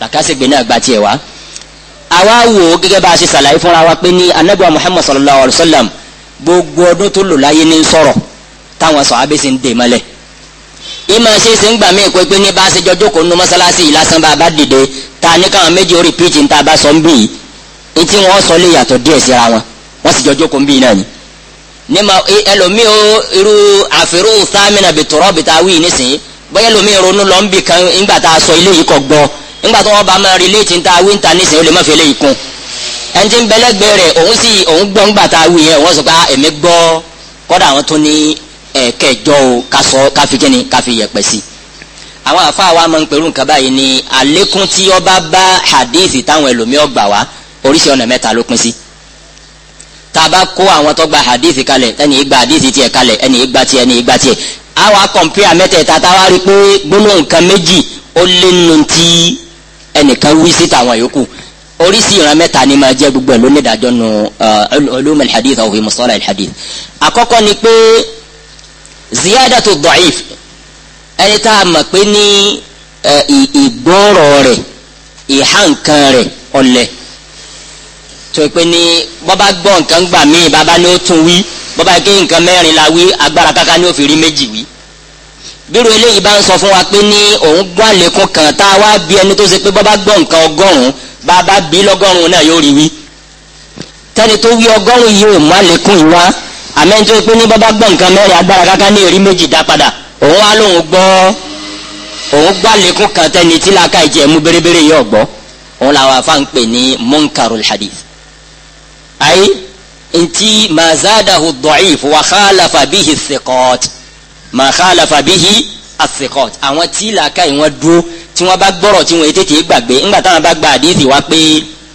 làkàṣègbè náà gba tiẹ̀ wa àwa wò gẹ́gẹ́ bá a ṣe ṣàlàyé fúnra wa pé ní anabi muhammad sallallahu alayhi wa sallam gbogbo ọdún tó lò láyé ní sọ̀rọ̀ táwọn sọ abẹ́sí ń dè mọ́lẹ̀ ìmọ̀ ṣe é ṣe ń gbà mí pé pé ní bá a ṣe jọjọ́ kó nu mọ́sálásí yìí lásán bá a bá dìde ta ní káwọn méjì ó rìpíìtì níta bá sọ ń bì í ní tí wọ́n sọ lè yàtọ̀ díẹ̀ síra wọn wọ́n sì jọjọ́ kó ń bì í náà ni. níma ẹlòmíì ó irú àfẹ́rù sámìnà bìtọ̀rọ̀ bìtà wíì nísìnyí bóyá ẹlòmíì ronú lọ ń bì kan ńgbà tá a sọ ilé yìí kọ gbọ́ ńgbà ẹni tí ń bẹlẹ́gbẹ́ rẹ̀ òun sì òun gbọ́ ń gbà tá a wí yẹn òun sọ pé ah, èmi gbọ́ kọ́dà àwọn tó ní ẹ̀ẹ́kẹ́jọ́ o ká kíni ká fi sí àwọn àfáà wa máa ń pẹ̀lú nǹkan báyìí ni àlékún tí ọba bá hadithi táwọn ẹlòmíọ́ gbà wá oríṣi ọ̀nà mẹ́ta ló pín sí tá a bá kó àwọn tó gba hadithi kalẹ̀ ẹni ìgbà hadithi tiẹ̀ kalẹ̀ ẹni ìgbà tiẹ̀ ẹni ìgbà tiẹ̀ àwa kọ̀mpíà mẹ́tẹ̀ẹ̀ta tá a wá rí pé gbólóhùn nǹkan méjì ó lé nu ti ẹnìkan wí sí tàwọn yòókù oríṣi ìran mẹ́ta ni máa jẹ́ gbogbo ẹ̀ lónídàájọ́ nu uh, ulum al-hadith aw fi mustalah al-hadith àkọ́kọ́ ni pé ziyadatu da'if ẹni tá a mọ̀ pé ní uh, ìgbọ́rọ̀ rẹ̀ ìhà nǹkan rẹ̀ ọ̀lẹ̀ tó pé ní bọ́bá gbọ́ nǹkan gbà míì bàbá ni ó tún wí bọ́bá ké nǹkan mẹ́rin la wí agbára káká ni ó fi rí méjì wí bírò eléyìí bá ń sọ fún wa pé ní òun gbọ́ àlékún kan tá a wá bí ẹni tó ṣe pé bọ́bá gbọ́ nǹkan ọgọ́rùn-ún bàbá bí lọ́gọ́rùn náà yóò rí wí tẹ́ni tó wí ọgọ́rùn yìí ò má lékún ìwá àmẹ́ni tó pé ní bàbá gbọ́ nǹkan mẹ́rin agbára káká ní èrí méjì dá padà òun wá lóun gbọ́ òun gbà lékún kan tẹ́ni tí làákà ìjẹ́ mú bèrèbèrè yìí ọ̀gbọ́ òun làwọn afá pè ní munkarul hadith ayi nti mazadahu da'if wa khalafa bihi thiqat ma khalafa bihi asikọt àwọn tí làákàyè wọn dúró tí wọn bá gbọ́rọ̀ tí wọn yé tètè gbàgbé ńgbà táwọn bá gba àdéhìí wá pé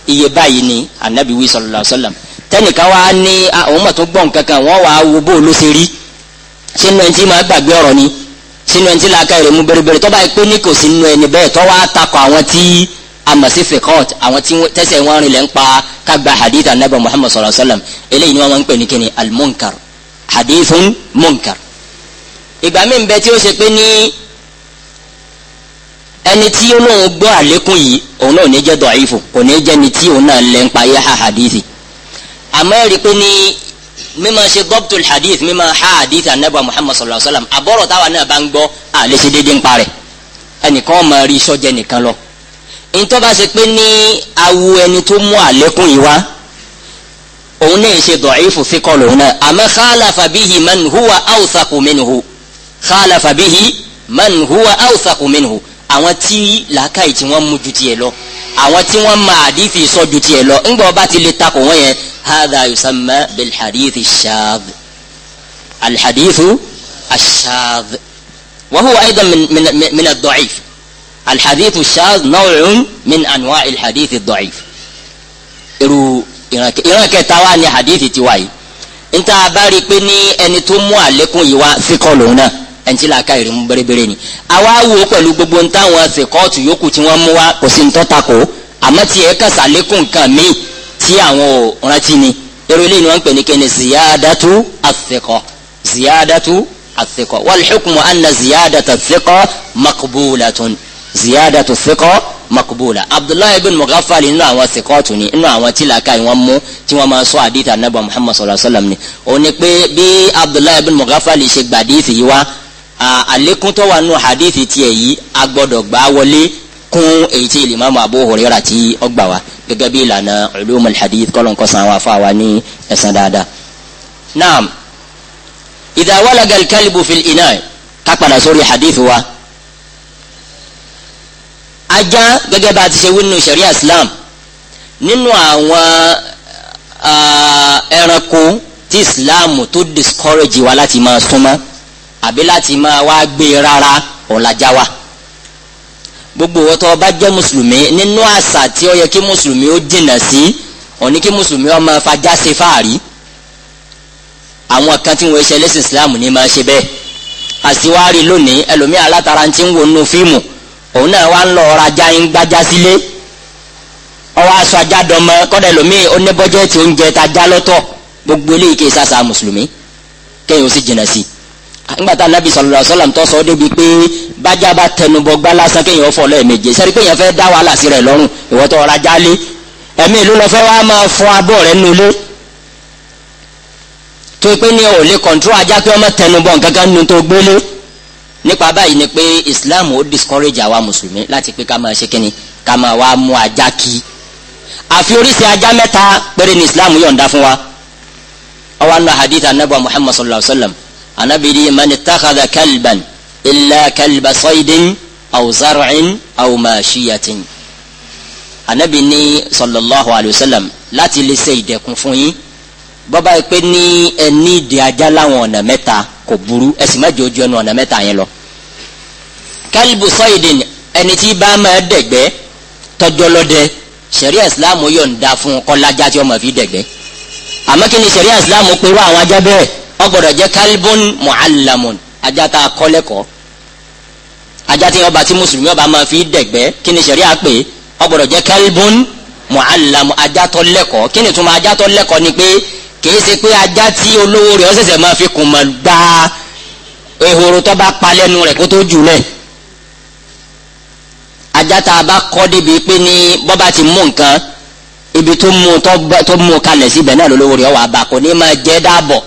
iye báyìí ni anabi wi sallallahu alaihi wasallam tẹnìkan wá ní àwọn mọ̀tò gbọ̀n kankan wọ́n wá wo bó ló ṣe rí sínú ẹni tí máa gbàgbé ọ̀rọ̀ ni sínú ẹni tí làákàyè rẹ̀ mú bẹ̀rẹ̀bẹ̀rẹ̀ tó bá yẹ pé ní kò sínú ẹni bẹ́ẹ̀ tó wá àwọn tí àmọ̀ sí àwọn tí tẹ́sẹ̀ wọn rìn lẹ́ ń pa kagbà hadith anabi muhammad sallallahu alaihi wasallam eléyìí ni wọ́n máa ń pè ní kíni almunkar hadithun munkar ìgbà mi ń bẹ tí ó ṣe pé ní ẹni tí olóhùn gbọ́ àlékún yìí òun náà ní jẹ́ dọ̀ọ́yìfò kò ní jẹ́ ni tí òun náà lẹ́ ń payé ha hadithi àmọ́ ẹ̀rí pé ní mímọ ṣe dọ́pútù hadith mímọ ha hadith anabi muhammad sallallahu alayhi wa sallam àbọ̀rọ̀ táwa náà bá ń gbọ́ àlè ṣe déédéé ń parẹ́ ẹnìkan ọmọ rí sọ́jẹ́ nìkan lọ ntọ́ bá ṣe pé ní awo ẹni tó mú àlékún yìí wá òun náà ṣe dọ̀ọ́yìfò síkọ̀ lòun náà àmọ́ khalafa bihi man huwa awthaqu minhu خالف به من هو اوثق منه àwọn tí làákàyè tí wọ́n mú ju tiẹ̀ lọ àwọn tí wọ́n ma àdìsí sọ ju tiẹ̀ lọ ńgbọ́ bá ti lè takò wọ́n yẹn hadha yusamma bil hadith ash-shadh al hadith ash-shadh wa huwa aydan min min min ad-da'if al hadith ash-shadh naw'un min anwa' al hadith ad-da'if irú ìran kẹta wa ni hadith tiwa yìí n ta bá rí i pé ní ẹni tó mú àlékún yìí wá fi kọ́ lòun náà. ẹnití làákà ìrì mú bẹ́rẹ́bẹ́rẹ́ ni àwa wo pẹ̀lú gbogbo ń táwọn ẹsẹ̀ kóòtù yòókù tí wọ́n mú wa kò sí ntọ́ kó àmọ́ tí ẹ kà sàlékún nǹkan míì tí àwọn ò rántí ni eré ilé ni wọ́n ń pè ní kẹ́ni ziyadatu athiqa ziyadatu athiqa wal hukmu anna ziyadatu athiqa maqbulatun ziyadatu athiqa makubula abdullahi bin mughaffal nínú àwọn sikọọtù ni nínú àwọn tí làákà yìí wọn mú tí wọn máa sọ àdìtà nàbà muhammad sallallahu alayhi wa sallam ni òun ni pé bí abdullahi bin mughaffal ṣe gbàdìtì yìí wá àlékún tó wà nù hadith tiẹ̀ yìí a gbọ́dọ̀ gbà wọlé kún èyí tí Imam Abu Hurairah tí ó gbà gẹ́gẹ́ bí ìlànà ulumul hadith kọ́lọ́nkọ́ san wá fáwa ní ẹ̀sán dáadáa. naam idha walaga al-kalbu fil ina ká padà sórí hadith wa ajá gẹ́gẹ́ bá a ti ṣe wí sharia Islam nínú àwọn ẹranko tí Islam tó discourage wa láti máa súnmọ́ àbí láti máa wá gbé rárá ọ̀làjà wa gbogbo wọn tó bá jẹ́ mùsùlùmí nínú àṣà tí ó yẹ kí mùsùlùmí ó jìnà sí òní kí mùsùlùmí ó fajá ṣe fáàrí àwọn kan tí wọn ṣe ẹlẹ́sìn islam ni máa ṣe bẹ́ẹ̀ àṣìwárí lónìí ẹlòmíì alátara ti ń wo nínú fíìmù òun náà wá ń lọ ọ̀rajà ń gbájá sílé ọwọ́ aṣọ ajá dọmọ kọ́dà ẹlòmíì ó oúnjẹ tá lọ́tọ̀ gbogbo eléyìí kì í sàṣà mùsùlùmí kéèyàn ó sì jìnà sí nígbàtà nabi sallallahu alaihi wasallam tó sọ débi pé bájá bá tẹnubọ gbá lásán kéèyàn fọ lẹ́ẹ̀mejì sẹ́ni pé èèyàn fẹ́ dá wàhálà sí rẹ̀ lọ́rùn ìwọ tó ọ̀rá jálé ìlú lọ́fẹ́ wàá máa fọ abọ́ rẹ̀ nulẹ̀ tó pé ní ò lè ajá pé ọmọ tẹnubọ nǹkan nu tó gbélé nípa báyìí ni pé islam ó discourage àwa mùsùlùmí láti pé ká máa ṣe kíni ká máa wá mú ajá kí àfi oríṣi ajá mẹ́ta péré ni islam yọ̀ǹda fún wa ọwọ́ anu hadith anabu muhammad sallallahu alaihi wa sallam anabi ni mani takada kalban illa kalba saydin aw zar'in aw maṣiyatin anabi ni sallallahu alayhi wa sallam láti lè ṣe ìdẹ̀kùn fún yín bọ́bá yìí pé ní ẹni ìdè ajá láwọn ọ̀nà mẹ́ta kò burú ẹ sì má jẹ́ ojú ẹnu ọ̀nà mẹ́ta yẹn lọ. kálíbù sọ́ìdìn ẹni tí bá máa dẹ̀gbẹ́ tọjọ́ lọ́dẹ sẹ̀rí ẹ̀sìláàmù yọ̀ǹda fún kọ́lájà tí ọmọ fi dẹ̀gbẹ́ àmọ́ kí ni sẹ̀rí ẹ̀sìláàmù pẹ̀lú àwọn ajá bẹ́ẹ̀ ó gbọ́dọ̀ jẹ́ kalbun muallamun ajá tá a kọ́ lẹ́kọ̀ọ́ ajá tí ọba tí mùsùlùmí ọba máa fi dẹ̀gbẹ́ kí ni ṣẹ̀ríà pé ó gbọ́dọ̀ jẹ́ kalbun muallamun ajá tó lẹ́kọ̀ọ́ kí ni túmọ̀ ajá tó lẹ́kọ̀ọ́ ni pé kìí ṣe pé ajá tí olówó rẹ̀ ó ṣẹ̀ṣẹ̀ máa fi kùn mọ̀ gbá ehoro tó bá pa lẹ́nu rẹ̀ kó tó jù lẹ̀ ajá tá a bá kọ́ débi pé ní bọ́ba ti mú nǹkan ibi tó mú tó mú kalẹ̀ síbẹ̀ náà lólówó rẹ̀ ó wà ní máa jẹ́ dáàbọ̀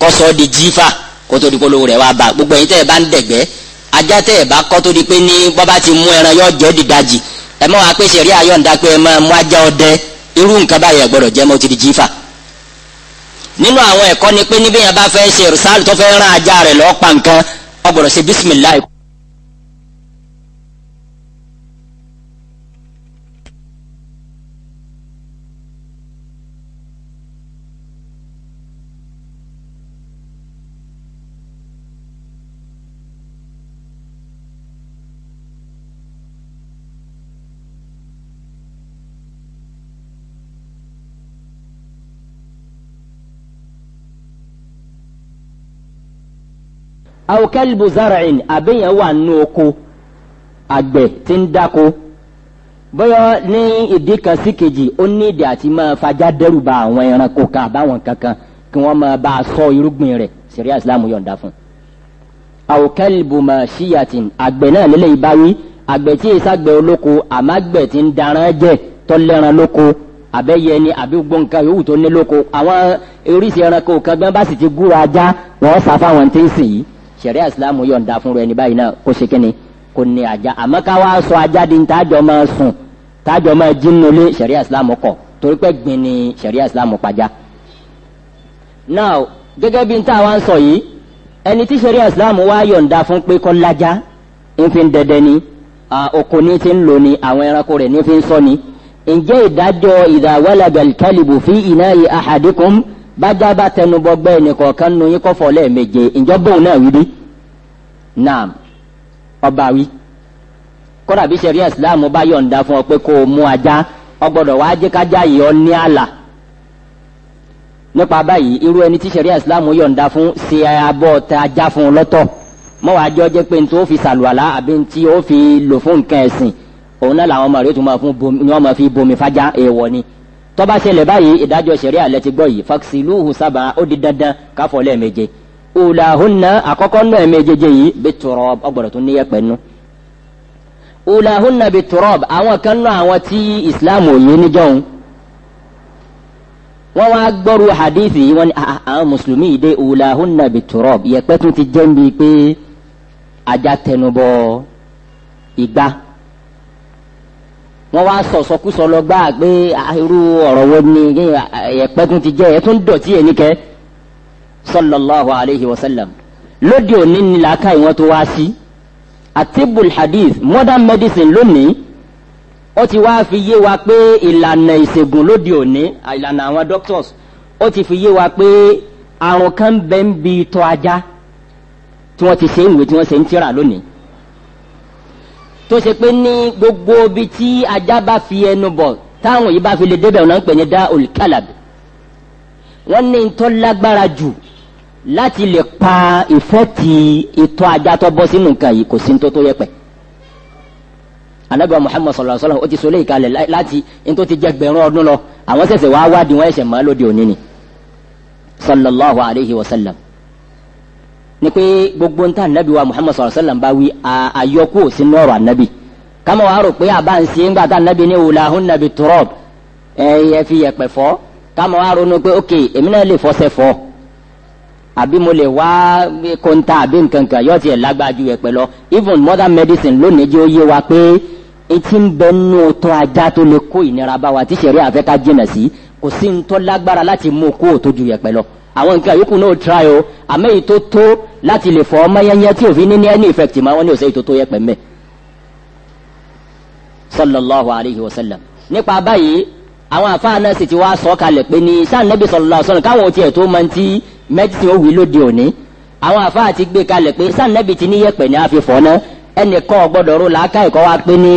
kọsọ di Jifa kótó di kolo rẹ wá bá gbogbo ẹ̀yin tẹ ẹ bá ń dẹgbẹ ajá tẹ ẹ bá di pé ní bọba ti mú ẹran yọ jẹ dìdajì ẹ mọ wá pé sẹrí ayọǹda pé ẹ máa mú ajá ọdẹ irú nǹkan báyẹn gbọ́dọ̀ jẹ mọ ti di jífa nínú àwọn ẹ̀kọ́ ni pé níbi yẹn bá fẹ́ ṣe rìsáàlù tó fẹ́ rán ajá rẹ lọ pa nǹkan ó gbọ́dọ̀ ṣe awokẹ́lìbù zarin àbẹ̀yẹn wà nù oko àgbẹ̀ tí ń dáko bóyá ní ìdí kan sí kejì ó ní ìdí àti máa fajá dẹ́rù ba àwọn ẹranko kan àbáwọn kankan kí wọ́n máa bá a sọ irúgbìn rẹ̀ sẹ̀ríà islam yọ̀ǹda fún un. awokẹ́lìbù màṣíyàtìn àgbẹ̀ náà lélẹ̀ ìbáwí àgbẹ̀ tí èsì àgbẹ̀ olóko àmàgbẹ̀ tí ń darán jẹ́ tọ́lẹ́ran lóko àbẹ́yẹ ni àbí gbọ̀ǹkan yòówù tó ní lóko àwọn oríṣi ẹranko kan gbọ́n bá sì ti gúra ajá wọ́n sá fáwọn tí ń sìn yìí sẹ̀ríà ìsìlámù yọ̀ǹda fún rẹ̀ ní báyìí náà kó ṣe kíni kó ní ajá àmọ́ ká wá sọ ajá di tájọ́ máa sùn tájọ́ máa jí nulẹ̀ sẹ̀ríà ìsìlámù kọ̀ torí pé gbin ni sẹ̀ríà ìsìlámù pàjá. now gẹ́gẹ́ bí n tá a wá ń sọ yìí ẹni tí sẹ̀ríà ìsìlámù wá yọ̀ǹda fún pé kó lájá ń dẹdẹ ni oko ní ti ń lò ni àwọn ẹranko rẹ̀ ní sọ ni ǹjẹ́ ìdájọ́ ìdàwálàgàl kálíbù fi ìnáyì bájá bá tẹnubọ gbẹ ẹnìkọ̀ọ̀kan nu yín kọ́fọ̀ lẹ́ẹ̀meje ìjọba òun náà wí bí naam ọba wí kódà bí sẹ̀rí ẹ̀sìláàmù bá yọ̀ǹda fún ọ pé kó o mú ajá ọgbọ́dọ̀ wá jẹ́ kájá yìí ọ ní àlà nípa báyìí irú ẹni tí sẹ̀rí ẹ̀sìláàmù yọ̀ǹda fún ṣe abọ́ ta ajá fún un lọ́tọ̀ mọ́ wàá jọ jẹ́ pé n tó fi sàlùwàlá àbí n tí ó fi lò fún nǹkan ẹ̀sìn òun náà làwọn ọmọ rẹ̀ tó máa fi bomi fájá èèwọ̀ ni tọ́ba ṣẹlẹ̀ báyìí ìdájọ́ ṣẹ̀ríà lẹ ti gbọ́ yìí fàksìlúhù sábà ó di dandan káfọ́ lẹ́ẹ̀méje ulahunna àkọ́kọ́ náà méjèèjì yìí bi turab ọgbọ̀dọ̀ tó níyẹ pẹ̀lú. ulahunna bi turab àwọn kan náà àwọn tí islam ò yé níjọ́hun. wọ́n wá gbọ́rú hadithi wọ́n ní ah, ah, àwọn mùsùlùmí yìí dé ulahunna bi turab yẹpẹ́ tún ti jẹ́ ń bi pé ajá tẹnubọ ìgbà wọ́n wá sọ̀sọ́kúsọ lọ gbáà pé irú ọ̀rọ̀ wo ni ẹ̀pẹ́kun ti jẹ́ ẹ̀ tó ń dọ̀tí ẹ̀ sallallahu alayhi wa sallam lóde òní ni làákà ìwọ́n tó wá sí atibul hadith modern medicine lónìí ó ti wá fi yé wa pé ìlànà ìṣègùn lóde òní ìlànà àwọn doctors ó ti fi yé wa pé àrùn kan bẹ́ẹ̀ ń bi tọ́ ajá tí wọ́n ti ṣe ìwé tí wọ́n ṣe ń tíra lónìí tó ṣe pé ní gbogbo bi tí ajá bá fi ẹnu bọ̀ táwọn yìí bá fi lè débẹ̀ ọ̀nà ń pè ní dá olùkálàb wọ́n ní ntọ́ lágbára jù láti lè pa ìfẹ́tì ìtọ́ ajá tó bọ́ sínú nǹkan yìí kò sí ntọ́ tó yẹ pẹ̀ anabiwa muhammad sallallahu alaihi wa sallam o ti sọ léyìí kalẹ̀ láti ntọ́ ti jẹ́ gbẹ̀rún ọdún lọ àwọn ṣẹ̀ṣẹ̀ wá wádìí wọ́n ẹ̀ṣẹ̀ máa òní ni sallallahu alaihi wa sallam ni pé gbogbo ń tà wa muhammad sallallahu alaihi wasallam bá wí àyọkú òsín nọ́ọ̀rọ̀ ànábì kámọ́ wàá rò pé àbá ń se tá nàbí ní wùlàhùn nàbí turab ẹ fi yẹpẹ̀ fọ́ Kama wàá ronú pé ok èmi náà lè fọṣẹ fọ́ àbí mo lè wá kóńtà àbí nkankan yóò tiẹ̀ lágbájú yẹpẹ̀ lọ even modern medicine lónìí jẹ́ ó yé wa pé etí ń bẹ nù ọtọ́ ajá tó lè kó ìnira bá wa tí sẹ̀rí àfẹ́ ká jìnà sí kò sí ń tọ́ lágbára láti mú kó òtójú yẹpẹ̀ lọ àwọn nǹkan yòókù náà try o àmọ́ èyí tó tó láti lè fọ ọmọ yẹnyẹn tí òfin ní ẹni ìfẹ̀tì máa wọn ní òsèyí tó tó yẹ pẹ̀ mẹ́ sallallahu alayhi wa sallam nípa báyìí àwọn àfáà náà sì ti wá sọ kalẹ̀ pé ní sáà nẹ́bí sallallahu sallam káwọn tiẹ̀ tó máa ti mẹ́tìtì ó wí lóde òní àwọn àfáà ti gbé kalẹ̀ pé sáà nẹ́bí ti ní yẹ̀pẹ̀ ní àfihàn náà ẹnìkan gbọ́dọ̀ ro làákà ẹ̀kọ́ wa pé ní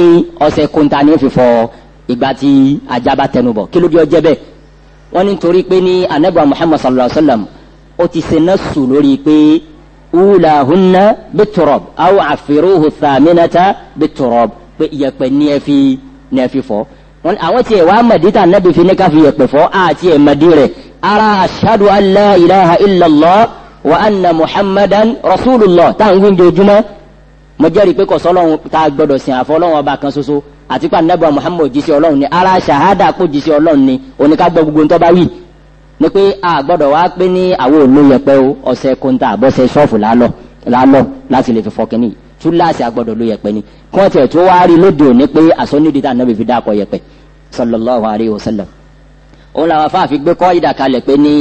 ọ̀sẹ̀ kúńtà ní fífọ ìgbà tí ajá bá tẹnubọ̀ kí ló dé ọjẹ́ bẹ́ẹ̀ wọ́n ní torí pé ní anabi muhammad sallallahu alayhi wa sallam ó ti ṣe náà sùn lórí pé أولاهن بالتراب أو عفروه الثامنة بالتراب يكبر نيفي نيفي فو wọn àwọn tiẹ̀ wá mẹ̀dítà nẹ́bí fi ní ká fi yẹ̀pẹ̀ fọ́ àti ẹ̀mẹ̀dí rẹ̀ ara ashadu an la ilaha illallah wa anna muhammadan rasulullah tá à ń wíńdí ojúmọ́ mo jẹ́rìí pé kò sọ́lọ́hún tá a gbọ́dọ̀ sìn àfọ́ ọlọ́run ọba kan ṣoṣo àti pé anabi muhammad jíṣẹ́ ọlọ́run ni ara shahada kó jíṣẹ́ ọlọ́run ni oníkàgbọ́ gbogbo ń tọ́ bá wí ni pé a gbọ́dọ̀ wá pé ní àwọn òlò yẹpẹ o ọ̀sẹ̀ kóńtà àbọ̀sẹ̀ ṣọ́ọ̀fù lálọ́ lálọ́ láti lè fi fọkàn ní túláàsì àgbọ̀dọ̀ ló yẹpẹ ni kọ́ńtì ẹ̀ tó wá rí lóde òní pé àsọnídìí tànà bìbí dákọ yẹpẹ sallallahu alayhi wa sallam. òun làwọn afáàfin gbé kọ́ ìdàkalẹ̀ pé ní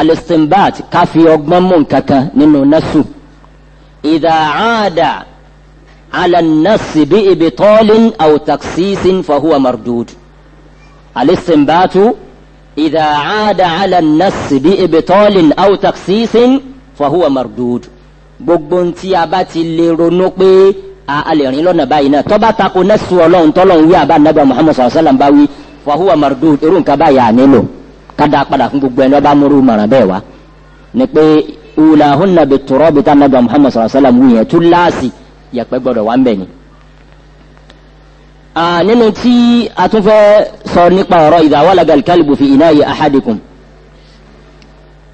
alistinbat káfí ọgbọ́n mú nkankan nínú nasu ìdá àádà ala bí ibi tọ́lín aw taksisin fahuwa mardud alistimbatu إذا عاد على النص بإبطال أو تخصيص فهو مردود gbogbo ntí a bá ti lè ronú pé a lè rìn lọ́nà báyìí náà tọ́ba tako nẹ́sù ọlọ́run tọ́lọ́run wí àbá nàbà muhammed sallallahu alayhi wa sallam bá wí fahuwa mardud irú nǹkan báyìí à nílò kádà padà fún gbogbo ẹni ọba múru mọ̀ràn bẹ́ẹ̀ wá ni pé wùlà hùn nàbì tùrọ̀ bìtá nàbà muhammed sallam wí yẹn tú láàsì yẹpẹ́ gbọ́dọ̀ wá ń bẹ̀ ni nínú tí a tún fẹ́ sọ nípa ọ̀rọ̀ ìdáwọ́lága alikalibu fi iná yìí ahadikum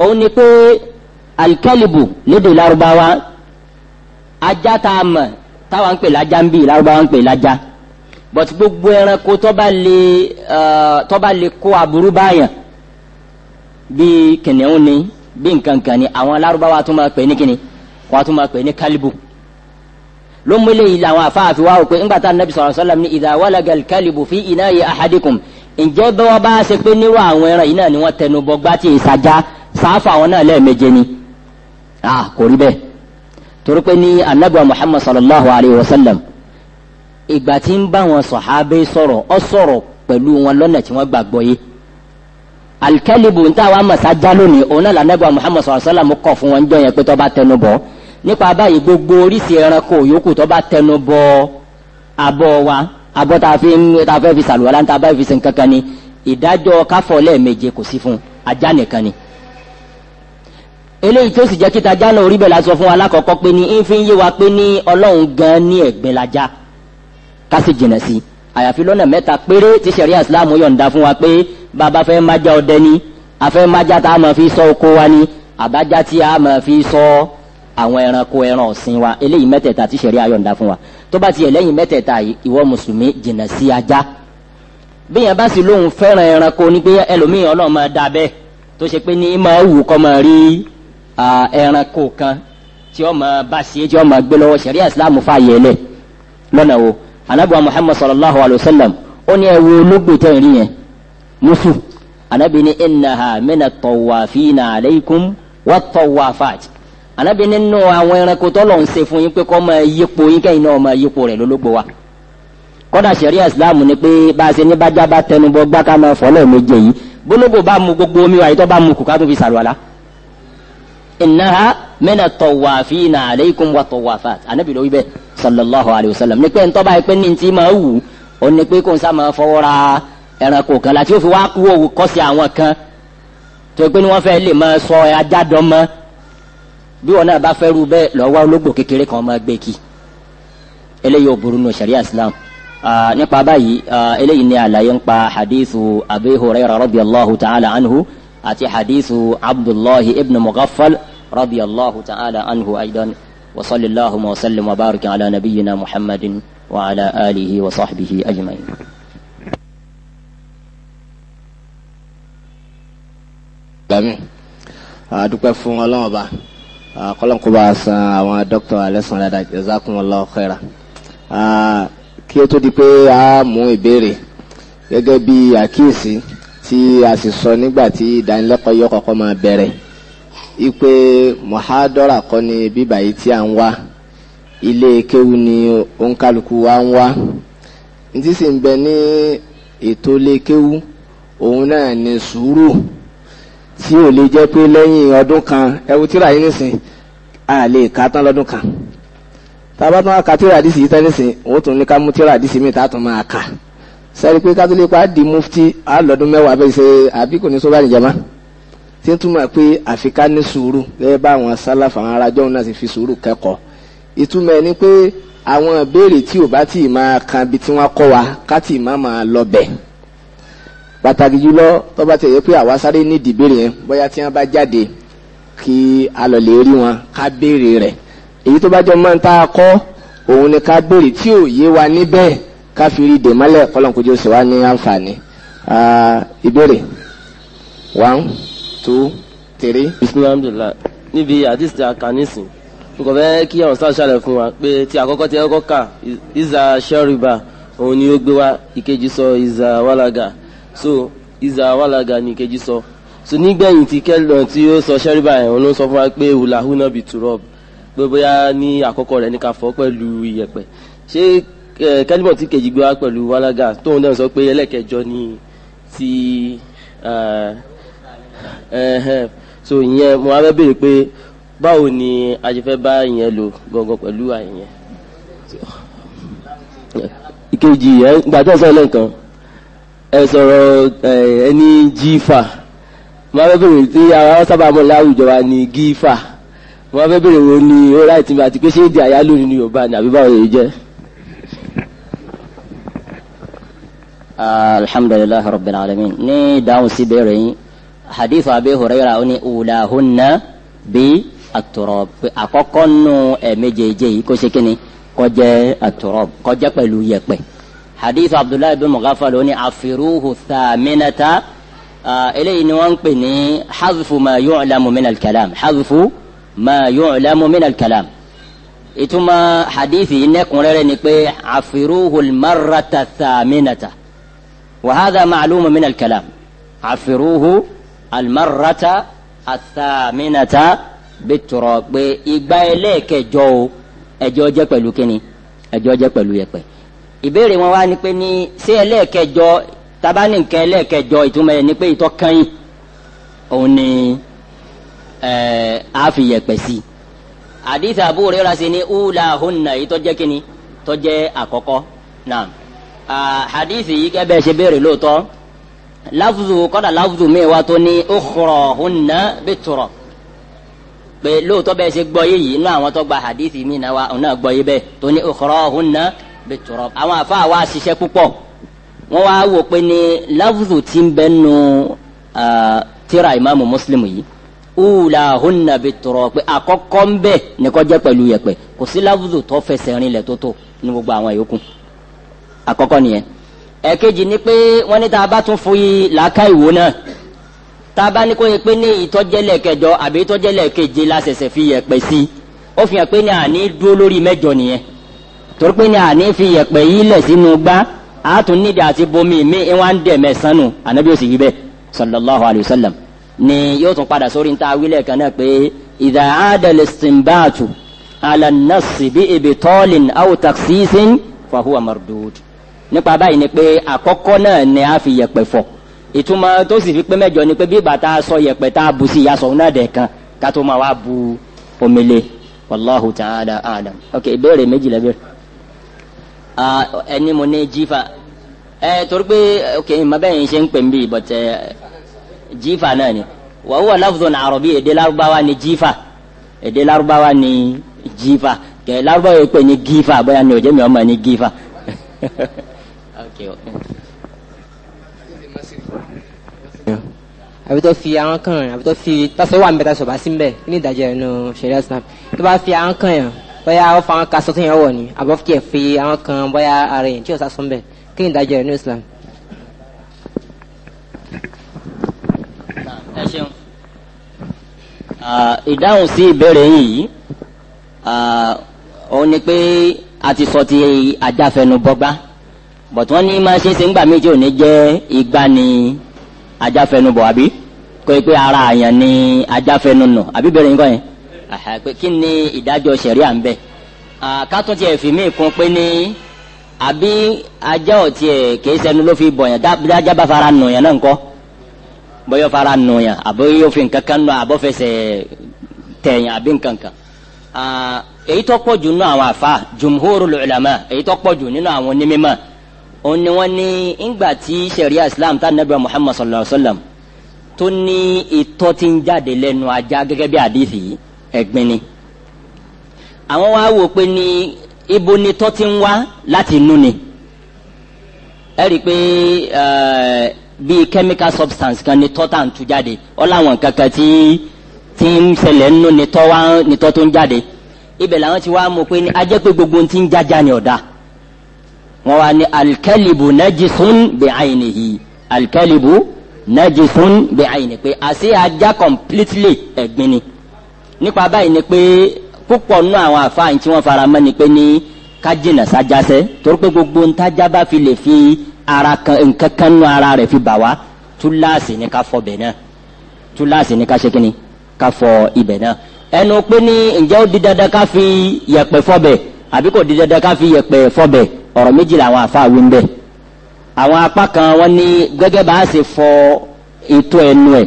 òun ni pé alikalibu lédè Lárúbáwá ajá tá a mọ̀ táwa ń pè lájá ń bì Lárúbáwá ń pè lájá but gbogbo ẹranko tó bá lè tó bá lè kó aburú báyàn bíi ni bíi nkankan ni àwọn Lárúbáwá tún máa pè ní kíni wọ́n tún máa pè ní kalibu ló mú eléyìí làwọn afáàfin wa wò pé ńgbà tá a nàbì sallallahu alaihi wasallam ní idha walaga al-kalbu fi ina'i ahadikum ǹjẹ́ bá wọn bá ṣe pé nírú àwọn ẹran yìí náà ni wọ́n tẹnu bọ gbá tí ìsàjá sáfà àwọn náà lẹ́ẹ̀méje ni kò rí bẹ́ẹ̀ torí pé ní anagba Muhammad sallallahu alayhi wa sallam ìgbà tí ń bá wọn sọ̀hábẹ́ sọ̀rọ̀ ọ sọ̀rọ̀ pẹ̀lú wọn lọ́nà tí wọ́n gbàgbọ́ yé alikẹ́libù ń tà wá lónìí òun náà lànàgbà Muhammad sallallahu alayhi wa kọ̀ fún wọn jọ yẹn pé tó bá tẹnu bọ̀ nípa báyìí gbogbo oríṣi ẹranko yòókù tó bá tẹnu bọ abọ́ wa abọ́ tá a fi ń tá a fẹ́ fi sàlùwà láǹtà báyìí fi sin kankan ni ìdájọ́ káfọ́ lẹ́ẹ̀meje kò sí fún ajá nìkan ni. eléyìí tó sì jẹ́ kíta ajá orí bẹ̀ la sọ fún wa alákọ̀ọ́kọ́ pé ní ń fi ń yé wa pé ní ọlọ́run gan ní ẹ̀gbin lajá ká sì jìnà sí i àyàfi lọ́nà mẹ́ta péré tí sẹ̀rí àsìláàmù yọ̀ǹda fún wa pé bàbá fẹ́ májá ọdẹ ni afẹ́ májá tá a máa fi sọ oko wa ni àbájá tí a máa fi sọ ọ́ àwọn ẹranko ẹran ọ̀sìn wa eléyìí mẹ́tẹ̀ẹ̀ta tí sẹ̀rí ayọ̀ǹda fún wa tó bá tiẹ̀ lẹ́yìn mẹ́tẹ̀ẹ̀ta ìwọ mùsùlùmí jìnnà sí ajá bíyàn bá sì lóun fẹ́ràn ẹranko ní pé ẹlòmíì ọlọ́run máa da bẹ́ẹ̀ tó ṣe pé ní máa wù kọ́ máa rí ẹranko kan tí ó máa bá ṣe tí ó máa gbé lọ́wọ́ sẹ̀rí islam fààyè lẹ̀ lọ́nà wo anabi wa muhammad sallallahu alayhi wa sallam ó ní ẹ wo tẹ́ ń rí yẹn musu anabi ní innaha mina tọwafina aleikum wa tọwafat anabi nínú àwọn ẹranko tọ́lọ̀ ń ṣe fún yín pé kọ́ máa yípo yín kẹ́yìn náà máa yípo rẹ̀ lólógbò wa kọ́dà sẹ̀ríà islam ni pé bá a ṣe ní bájá bá tẹnubọ gbá ká máa fọ́ lẹ́ẹ̀mejì yìí bólógbò bá mu gbogbo omi wa ìtọ́ bá mu kù ká tún fi sàlùwàlá. innaha mina tawafina aleikum wa tawafat anabi ló wí bẹ́ẹ̀ sallallahu alayhi wa sallam ni pé ntọ́ bá yẹ pé ní ti máa wù ó ní pé kò ń sá máa fọwọ́ ra ẹranko bí wọn náà bá fẹ́ rú bẹ́ẹ̀ lọ wá ológbò kékeré kan máa gbé kí eléyìí ò burú nù sariya islam nípa báyìí eléyìí ni àlàyé ń pa hadithu abi hurairah radiyallahu ta'ala anhu àti hadithu abdullahi ibn mughaffal radiyallahu ta'ala anhu aidan wa sallallahu wa sallam wa barika ala nabiyyina muhammadin wa ala alihi wa sahbihi ajma'in. a dúpẹ́ fún ọlọ́run Ah, kọ́lọ́nkó bá san àwọn dókítà alẹ́sàn dáadáa jazakumullahu khaira ah, kí ó tó di pé a mú ìbéèrè gẹ́gẹ́ bí àkíyèsí tí a sì sọ nígbà tí ìdánilẹ́kọ̀ọ́ yọ kọ́kọ́ máa bẹ̀rẹ̀ ipe mọ̀hádọ́rà kọ́ ni bíbà yìí tí a ń wá ilé kéwu ni òǹkálukú wa ń wá ní ti sì ń bẹ ní ètò ilé kéwu òun náà ni sùúrù tí ò lè jẹ́ pé lẹ́yìn ọdún kan ẹ̀wù tíra yìí nìsín a lè kà tán lọ́dún kan tàbá tán ká tíra àdìsí yìí tán nìsín òun tún ní ká mú tíra àdìsí mi tá a tún máa kà sẹ́ni pé kátólí pa di mufti alọ́dún mẹ́wàá bẹ́ẹ̀ ṣe àbí kò ní sọ́ba nìjàmá tí ń túmọ̀ pé àfikà ní sùúrù lẹ́yìn bá àwọn sálàfà àwọn arájọ́ náà sì fi sùúrù kẹ́kọ̀ọ́ ìtumọ̀ ni pé àwọn ìbéèrè tí ò bá tì máa kan bí tí wọ́n kọ́ wa ká tì máa máa lọ bẹ́ẹ̀ pàtàkì jùlọ tó bá tẹ̀yẹ pé àwa sáré ní ìdìbèrè yẹn bóyá tí wọ́n bá jáde kí a lọ lè rí wọn ká béèrè rẹ̀ èyí tó bá jọ máa ń tá a kọ́ òun ni ká béèrè tí ò yé wa níbẹ̀ ká fi rí dèmọ́lẹ̀ kọ́lọ́nkójú sí wa ní àǹfààní ìbéèrè one two three. bisimilahi níbi àdìsí tí a kà nísìn n kò fẹ́ kí àwọn sáà ṣàlẹ̀ fún wa pé tí àkọ́kọ́ tí ẹ kọ́ kà ìzà ṣẹ́rìbà òun ni ó gbé wa ìkejì sọ ìzà wàlágà so ìzà wàlàgà ní kejì sọ so nígbẹ̀yìn tí kẹ́lọ̀ tí ó sọ ṣẹ́ríbà ẹ̀ ló ń sọ fún wa pé wùlàhùnà bíi turọ́b pé bóyá ní àkọ́kọ́ rẹ̀ ní ká fọ́ pẹ̀lú iyẹ̀pẹ̀ ṣé kẹ́límọ̀ tí kejì gbé wá pẹ̀lú wàlàgà tóun náà sọ pé ẹlẹ́kẹjọ ni ti so ìyẹn mo wá fẹ́ béèrè pé báwo ni a ṣe fẹ́ bá ìyẹn lò gangan pẹ̀lú àìyẹn ìkejì yẹn gbàtọ́ sọ lẹ́ǹkan ẹ sọ̀rọ̀ ẹni jífà máa fẹ́ bèrè tí ara wọn sábà mọ̀ láwùjọ wa ni gífà máa fẹ́ bèrè wo ni ó láì tìǹbà àti pé ṣé èdè àyálò nínú yorùbá ni àbí báwo lè jẹ́. Ah, alhamdulilayi rabbil alamin ní ìdáhùn sí bẹ̀rẹ̀ yín hadith abi hurayra ó ní ulahunna bi at-turab àkọ́kọ́ nù ẹ̀ méjèèjì yìí kó ṣe kíni kó hadith abdullahi bin mughaffal ó ní afiruhu thaminata eléyìí ni wọ́n ń pè ní hazfu ma yu'lamu min al-kalam hazfu ma yu'lamu min al-kalam ìtumọ̀ hadithi yìí nẹ́kúnrẹ́rẹ́ ni pé afiruhu al-marrata thaminata wa hadha ma'lumu min al afiruhu al athaminata biturọ pé ìgbà ẹlẹ́ẹ̀kẹjọ o ẹjọ́ jẹ́ pẹ̀lú kíni ẹjọ́ jẹ́ pẹ̀lú yẹpẹ̀ ìbéèrè wọn wá ni pé ní ṣé ẹlẹ́ẹ̀kẹjọ tabani nǹkan ẹlẹ́ẹ̀kẹjọ ìtumọ̀ ẹ̀ ni pé ìtọ́ kẹ́yìn òun ni ẹ̀ẹ́ àfìyẹ̀pẹ̀ sí i àdìsí Abu Hurairah sí ni ula hunna yìí tó jẹ́ kínní tó jẹ́ àkọ́kọ́ náà àdìsí yìí kẹ́ bẹ́ẹ̀ ṣe béèrè lóòótọ́ láfùzù kọ́dà láfùzù mi wá tó ní ukhra hunna bitura pé lóòótọ́ bẹ́ẹ̀ ṣe gbọ́ yìí inú àwọn tó gba àdìsí mi náà wá òun náà gbọ́ yé bẹ́ẹ̀ tó ní ukhra hunna bi turab àwọn àfáà wa ṣiṣẹ́ púpọ̀ wọ́n wá wò pé ní lafzu ti ń bẹ́ nu tírà ìmáàmù Muslim yìí ula hunna bi turab pé àkọ́kọ́ ń bẹ̀ ní kó jẹ́ pẹ̀lú yẹ̀pẹ̀ kò sí lafzu tó fẹsẹ̀ rinlẹ̀ tó tó ní gbogbo àwọn yòókù àkọ́kọ́ nìyẹn ẹ̀kejì ni pé wọ́n ní tá a bá tún fún yìí làákà ìwò náà tá ní kó yẹ pé ní ìtọ́jẹ́lẹ̀ kẹjọ àbí ìtọ́jẹ́lẹ̀ keje la ṣẹ̀ṣẹ̀ fi yẹ̀pẹ̀ sí ó fi hàn pé ní àní dúró lórí mẹ́jọ nìyẹn torí pé ní àní fi yẹ̀pẹ̀ yìí lẹ̀ sínú gbá àtún nídìí àti bomi mi ń wá ń dẹ̀ mẹ́sánù ànábì ó sì wí bẹ́ẹ̀ sallallahu alayhi wa sallam ni yóò tún padà sórí níta wílẹ̀ kan náà pé idha aada al-istinbatu ala an-nassi bi ibtalin aw taksisin fa huwa mardud nípa báyìí ni pé àkọ́kọ́ náà ni a fi yẹ̀pẹ̀ fọ̀ ìtumọ̀ tó sì fi pé mẹ́jọ ni pé bí bàtà sọ yẹ̀pẹ̀ tá a bu sí ìyá sọ̀hún náà dẹ̀ kan ká tó máa wá bu omele wallahu ta'ala a'lam ok ìbéèrè méjìlá Ah, ẹni mo ní jífa ẹ torí pé ok mọ bẹ́ẹ̀ yẹn ṣe ń pè mí bíi but jífa náà ni wa huwa lafzun arabi èdè lárúbáwá ni jífa èdè lárúbáwá ni jífa kẹ lárúbáwá yẹn pè ní gífa bóyá ni òjẹ́ mi ọmọ ní gífa. àbí tó fi àwọn kan àbí tó fi tọ́sọ̀ wà ń bẹ tọ́sọ̀ bá sí ń bẹ̀ ní ìdájọ́ ẹ̀ nù sẹ́ríà snap tó bá fi àwọn kan yàn bóyá ó fa àwọn kan sọ́tún yẹn wọ̀ ni àbọ̀ fi fi àwọn kan bóyá ara yẹn tí yóò sásùn bẹ́ẹ̀ kí ni ìdájọ́ rẹ̀ ní Islam. ẹ ṣeun ìdáhùn sí ìbéèrè yìí òun ni pé a ti sọ ti ajáfẹnubọgbá bọ̀t wọ́n ní máa ṣe é ṣe ńgbà méjì ò ní jẹ́ igba ni ajáfẹnubọ̀ àbí kó pé ara àyàn ni ajáfẹnunà àbí bẹ̀rẹ̀ yín yẹn pé kí ni ìdájọ́ sẹ̀ríà ń bẹ̀ kátó tiẹ̀ fi mí kún pé ní àbí ajá ọ̀tí ẹ̀ kìí sẹ́nu ló fi bọ̀ yẹn dájá bá fara nù yẹn náà ńkọ́ bóyá fara nù àbí yóò fi nǹkan kan nù àbọ̀fẹsẹ̀ tẹ̀yìn àbí nǹkan kan èyí tó pọ̀ jù nínú àwọn àfa jumhurul ulama èyí tó pọ̀ jù nínú àwọn onímọ̀ òun ni wọ́n ní ńgbà tí sẹ̀ríà islam tá nàbẹ̀ muhammad sallallahu alayhi wa sallam tó ní ìtọ́ ti ń jáde lẹ́nu ajá gẹ́gẹ́ bí àdìsí yìí ẹ̀gbin ni àwọn wa wò pé ní ibo ni tọ́ ti ń wá láti inú ni ẹ rí i pé eh, bíi chemical substance kan ni tọ́ tà ń tu jáde ọ láwọn kankan tí tí ń ṣẹlẹ̀ nínú ni tọ́ wá ni tọ́ tó ń jáde ibẹ̀ làwọn ti wá mọ̀ pé ní ajẹ́ pé gbogbo ti ń jájá ni ọ̀dà wọn wá ní alikẹ́lìbù najisun bi aynihi alikẹ́lìbù najisun bi aynihi pé àṣé ajá completely ẹ̀gbin ni nípa báyìí ni pé púpọ̀ nú àwọn àfáàyàn tí wọ́n fara mọ́ ni pé ní kájìnà sájàsẹ́ torí pé gbogbo ntájà bá fi lè fi ara kan nǹkan kan nú ara rẹ̀ fi bà wá túláàsì ni ká fọ bẹ̀ náà túláàsì ni ká ṣe kínní ká fọ ibẹ̀ náà ẹnu pé ní ǹjẹ́ ó di dandan ká fi yẹ̀pẹ̀ fọ àbí kò di dandan ká fi yẹ̀pẹ̀ fọ ọ̀rọ̀ méjì làwọn àfáà ń bẹ̀ àwọn apá kan wọ́n ní gẹ́gẹ́ bá a ṣe fọ ètò ẹnu ẹ̀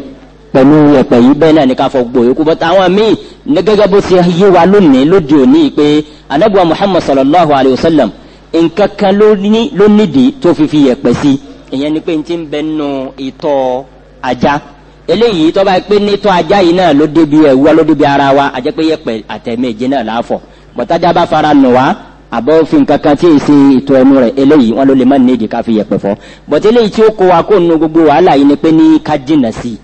pẹ̀lú ẹ̀pẹ̀ yìí bẹ́ẹ̀ náà ní ká fọ gbò yòókù bọ́ táwọn míì ní gẹ́gẹ́ bó ṣe yé wa lónìí lóde òní pé anabuwa muhammad sallallahu alayhi wa sallam nǹkan kan ló nídìí tó fi fi yẹ̀pẹ̀ sí ìyẹn ni pé n ti ń bẹ nù ìtọ̀ ajá eléyìí tó bá pé nítọ́ ajá yìí náà ló débi ẹ̀wúwa ló débi ara wa àjẹ́ pé yẹ̀pẹ̀ àtẹ̀mẹ́jẹ náà láàfọ̀ bọ́tájá bá fara nù wá àbọ̀ òfin kankan tí èsì ìtọ́ ẹnu rẹ̀ eléyìí wọn ló lè má nídìí ká fi yẹ̀pẹ̀ fọ́ bọ́tẹ́lẹ̀ tí ó kó wa kó nu gbogbo wàhálà yìí ni pé ní ká jìnà sí i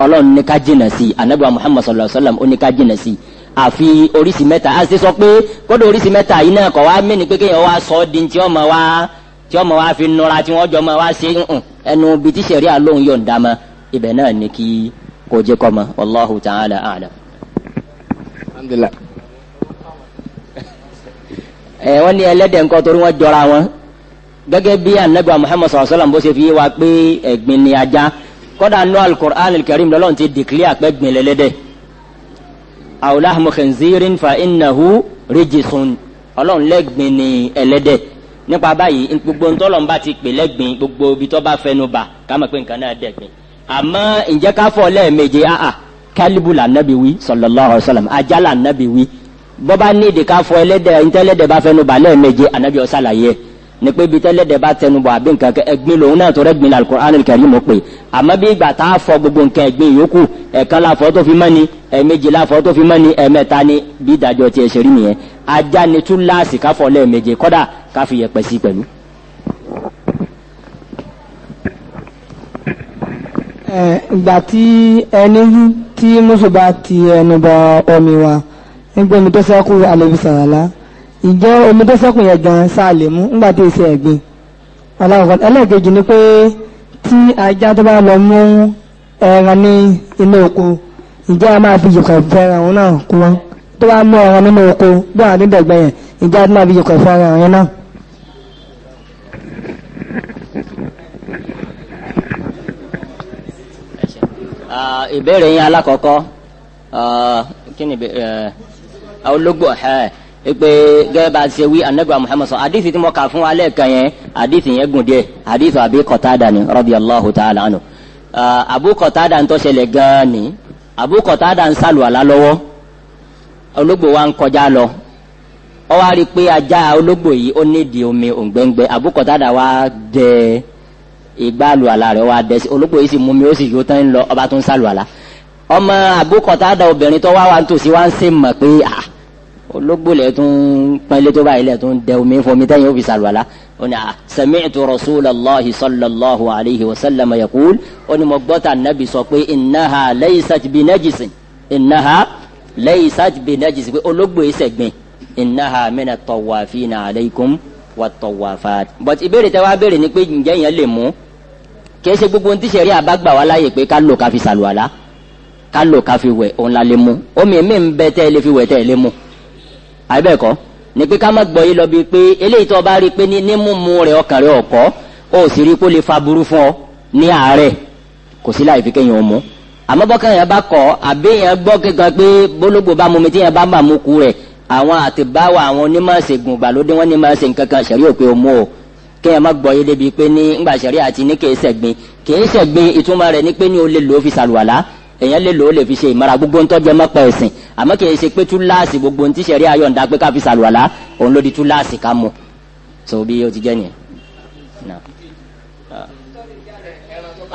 ọlọ́run ní ká jìnà sí i anabi wa muhammad sallallahu alayhi wa sallam ó ní ká jìnà sí i àfi oríṣi mẹ́ta a sì sọ pé kódà oríṣi mẹ́ta yìí náà kọ̀ wá mẹ́ni pé kéèyàn wá sọ ọ́ di tí ọmọ wá tí ọmọ wá fi nura tí wọ́n jọ ma wá ṣe ẹnu bíi tí sẹ̀ríà lóhùn yóò ń dá ma ibẹ̀ náà ni kí kò jẹ́ kọ́ ma wallahu ta'ala a'lam. alhamdulillah ẹ wọ́n ní ẹlẹ́dẹ̀ nǹkan torí wọ́n jọra wọn gẹ́gẹ́ bí anabi wa muhammad sallallahu alayhi wa sallam bó ṣe fi wá pé ẹ̀gbin ni ajá kọ́dà nù alukur'an alkarim lọ́lọ́run ti dìklẹ́ àpẹ́gbìn lẹ́lẹ́dẹ́ awlahmu khinzirin fa innahu rijisun ọlọ́run lẹ́gbìn ní ẹlẹ́dẹ́ nípa báyìí gbogbo ntọ́lọ́n bá ti pè lẹ́gbìn gbogbo ibi tó bá fẹnu bà ká mọ̀ pé nǹkan náà dẹ̀gbìn àmọ́ ǹjẹ́ ká fọ́ lẹ́ẹ̀mejì áà kálíbù là nàbì wí sallallahu alaihi wasallam ajá là nàbì wí bọ́bá nídìí ká ẹlẹ́dẹ̀ ntẹ́lẹ́dẹ̀ bá fẹnu bà lẹ́ẹ̀mejì ànàbì ọ̀sálàyé ni pé bí tẹ́lẹ̀dẹ̀ bá tẹnubọ̀ àbí nǹkan kẹ ẹgbin lòun náà tó rẹ́gbin Al-Qur'anul Karim mọ̀ pé àmọ́ bí ìgbà tá a fọ gbogbo nǹkan ẹgbin yòókù ẹ̀kan láfọ́ tó fi mọ́ ni ẹ̀ẹ̀mejì láfọ́ tó fi mọ́ ni ẹ̀ẹ̀mẹ́ta ni bí ìdájọ́ ti ṣe rí nìyẹn ajá ni tún láàsì káfọ́ lẹ́ẹ̀mejì kọ́dà káfi yẹpẹ̀ sí pẹ̀lú. ìgbà tí ẹni tí mùsùlùmí ti ẹnu bọ omi wa nígbà omi tó sẹ́kù alẹ́ fi sàràlá ìjọ omi tó sẹ́kùn yẹn gan sáà lè mú nígbà tí èsì ẹ̀gbin aláwọ̀kọ́ ẹlẹ́ẹ̀kejì ni pé tí ajá tó bá lọ mú ẹran ní inú oko ìjọ a máa fi yìkọ̀ fẹ́ràn òun náà kú wọn tó bá mú ẹran nínú oko bí wọn àdídọ̀gbẹ́ yẹn ìjọ a máa fi yìkọ̀ fẹ́ràn òun náà. ìbéèrè yín alákọ̀ọ́kọ́ kí ni ológbò ẹ̀ pé gẹ́gẹ́ bá a ṣe wí anagba muhammad sọ àdìsí tí mo kà fún wa lẹ́ẹ̀kan yẹn àdìsí yẹn gùn díẹ̀ àdìsí àbí kọ́tàdà ni radiyallahu ta'ala anu. Abu kọ́tàdà ń tó ṣẹlẹ̀ gan-an ni àbú kọ́tàdà ń sàlùwàlá lọ́wọ́ ológbò wa ń kọjá lọ ọ wá rí i pé ajá ológbò yìí ó nídìí omi òǹgbẹ́ǹgbẹ́ àbú kọ́tàdà wa dẹ ìgbàlùwàlá rẹ̀ wa dẹ ológbò yìí sì mú mi ó sì yó tán ń lọ ọba tó ń sàlùwàlá ọmọ àbú kọ́tàdà obìnrin tó wá wa ń tòsí wa ń sè mọ̀ pé ah ológbòlẹ̀ tó ń pẹ́lẹ́ tó báyìí lẹ̀ tó ń dẹ omi fún mi tẹ́yìn ó fi sàlùwàlà ó ní à sami'tu rasulallahi sallallahu alayhi wa sallam yaqul ó ní mo gbọ́ ta nabi sọ pé innaha laysat bi najisin innaha laysat bi najisin pé ológbò yìí sẹ̀gbìn innaha mina tawafina alaykum wa tawafat. but ìbéèrè tẹ wá béèrè ni pé ǹjẹ́ yẹn lè mú kì í ṣe gbogbo ohun tí sẹ́rí àbágbà wá láàyè pé ká lò ká fi sàlùwàlà ká lò ká fi wẹ̀ òun la lè mú omi mi ń bẹ tẹ́ ẹ lè fi wẹ̀ tẹ́ ẹ lè mú àbẹ̀kọ́ ni pé ká má gbọ́ yí lọ bíi pé eléyìí tó bá rí i pé ní mímú rẹ̀ ọkàn rẹ̀ ọ̀kọ́ ó sì rí i pé ó lè fa burú fún ọ ní àárẹ̀ kò sí láì fi kéèyàn mú àmọ́ bọ́kàn yẹn bá kọ́ àbí yẹn gbọ́ kíkan pé bólógbò bá mu mi tí yẹn bá bà mú ku rẹ̀ àwọn àtibáwọ̀ àwọn onímọ̀ọ́sẹ̀gùn ìgbàlódé wọn ní mọ̀ọ́sẹ̀ nǹkan kan ṣẹ̀rí òpin òmu o kéèyàn má gbọ́ yé débi pé ní ńgbà ṣẹ̀rí àti ní kèé sẹ̀gbin kèé sẹ̀gbin ìtumọ̀ rẹ̀ ní pé ní o lè lò ó fi sàlùwàlá èèyàn lè lò ó lè fi ṣe ìmọ̀ra gbogbo ntọ́jẹ́ mọ́pẹ́ ẹ̀sìn àmọ́ kì í ṣe pé túláàsì gbogbo ntí sẹ̀rí ayọ̀ǹda pé káfi sàlùwàlá òun ló di túláàsì ká mu so bí o ti jẹ́ nìyẹn.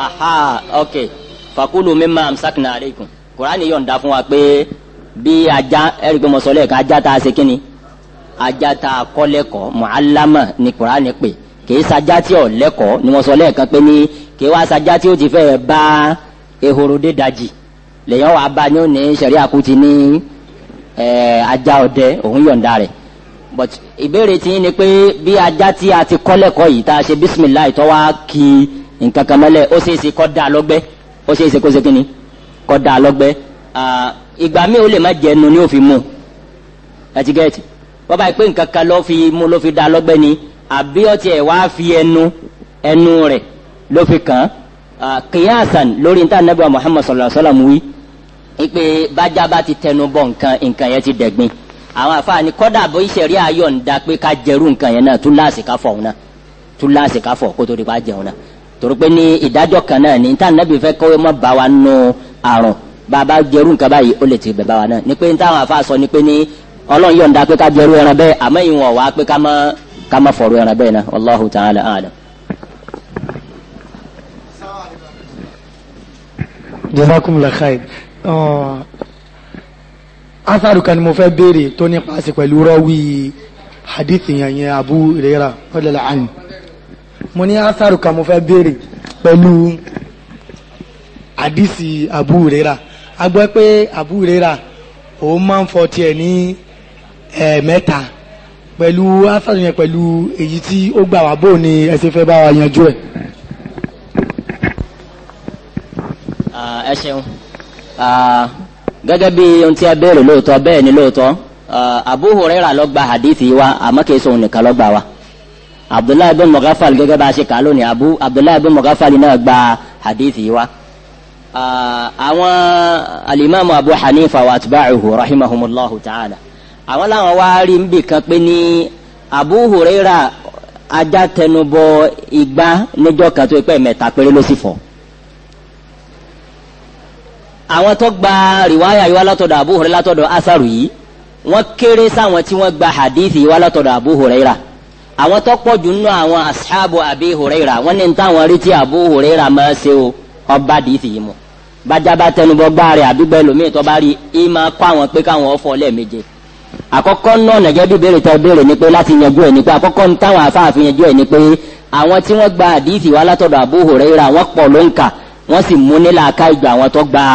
aha ok fakulu mimma amsakna aleikum kùránì yọ̀ǹda fún wa pé bí ajá ẹ̀rí pé mo sọ lẹ́ẹ̀ka ajá tá a ṣe kíni ajá tá a kọ́ lẹ́kọ̀ọ́ mu'allama ni kùránì pè kì í sajá tí ò lẹ́kọ̀ọ́ ni mo sọ lẹ́ẹ̀kan ehoro daji dajì lèyàn wà bá ní òní sẹ̀rí àkútì ní ajá ọdẹ òun yọ̀ǹda rẹ̀ but ìbéèrè tí ni pé bí ajá tí a ti kọ́ lẹ́kọ̀ọ́ yìí tá a ṣe bisimilayi tó wá kí nǹkan kan mọ́lẹ̀ ó ṣeéṣe kó dá lọ́gbẹ́ ó ṣeéṣe kó ṣe kí ni kó dá lọ́gbẹ́ ìgbà míì ó lè má jẹ ẹnu ni ó fi mú ẹtigẹ́tì bọ́bá yìí pé nǹkan kan ló fi mú ló fi dá lọ́gbẹ́ ni àbí ó tiẹ̀ wá fi ẹnu ẹnu rẹ̀ ló fi kàn án qiyasan lórí níta nabi wa muhammad sallallahu alaihi wa sallam wí ipe bájá bá ti tẹnu bọ nǹkan nǹkan yẹn ti dẹ̀gbin àwọn àfààní kọ́dà bó ìṣẹ̀rí ayọ̀ǹda pé ká jẹrú nǹkan yẹn náà tún láàsì ká fọ̀ ọ̀hún náà tún láàsì ká fọ̀ kó tó di pa jẹun náà torí pé ní ìdájọ́ kan náà ní níta nabi fẹ́ kọ́ mọ́ bá wa nù àrùn bàbá jẹrú nǹkan báyìí ó lè ti bẹ̀ bá wa náà ni pé níta àwọn àfàà sọ ni pé ní ọlọ́run yọ̀ǹda pé ká jẹrú ẹran bẹ́ẹ̀ àmọ́ ìwọ̀n wá pé ká má ká ẹran bẹ́ẹ̀ náà wallahu ta'ala a'lam. jazakumullah khair asaru kan mo fẹ́ béèrè tó nípa sí pẹ̀lú rọwì hadith yẹn yẹn abu rera ọlọlá àní mo ní asaru kan mo fẹ́ béèrè pẹ̀lú hadith abu rera a gbọ́ pé abu rera òun máa ń fọ tiẹ̀ ni ẹ̀ẹ̀mẹ́ta pẹ̀lú asaru yẹn pẹ̀lú èyí tí ó gbà wá bò ní ẹsẹ fẹ́ bá wa yanjú ẹ. Ah, ẹ ṣeun ah, gẹ́gẹ́ bí ohun tí ẹ béèrè lóòótọ́ bẹ́ẹ̀ ni lóòótọ́ ah, Abu Huraira ló gba hadithi wa àmọ́ kìí sóhun nìkan ló gbà wa Abdullahi bin Mughaffal gẹ́gẹ́ bá a ṣe kà á lónìí Abu Abdullahi bin Mughaffal náà gba hadithi wa àwọn alimami Abu Hanifa wa atba'uhu rahimahumullahu ta'ala àwọn làwọn wá rí nbì kan pé ní Abu Huraira ajá tẹnubọ igba níjọ́ kan tó pẹ́ mẹ́ta péré ló sì fọ́ àwọn tó gba rìwáyà yìí wá látọ̀dọ̀ Abu Hurairah látọ̀dọ̀ asaru yìí wọ́n kéré sáwọn tí wọ́n gba hadith yìí wá látọ̀dọ̀ Abu Hurairah àwọn tó pọ̀ jù nínú àwọn ashabu Abi Hurairah wọ́n ní táwọn rí tí Abu Hurairah máa ṣe o ọba hadith yìí mu bájábá tẹnubọ gbá rẹ àdúgbò ẹlòmíì tó bá rí i máa kọ́ àwọn pé káwọn ọ̀fọ̀ lẹ́ẹ̀méje àkọ́kọ́ náà nàjẹ́ bí béèrè tó béèrè ni pé láti yanjú ẹ̀ ni pé àkọ́kọ́ ní táwọn afáàfin yanjú ẹ̀ ni pé àwọn tí wọ́n gba hadith wá látọ̀dọ̀ Abu Hurairah wọ́n pọ̀ ló ń kà wọ́n sì mú ká ìgbà àwọn tó gba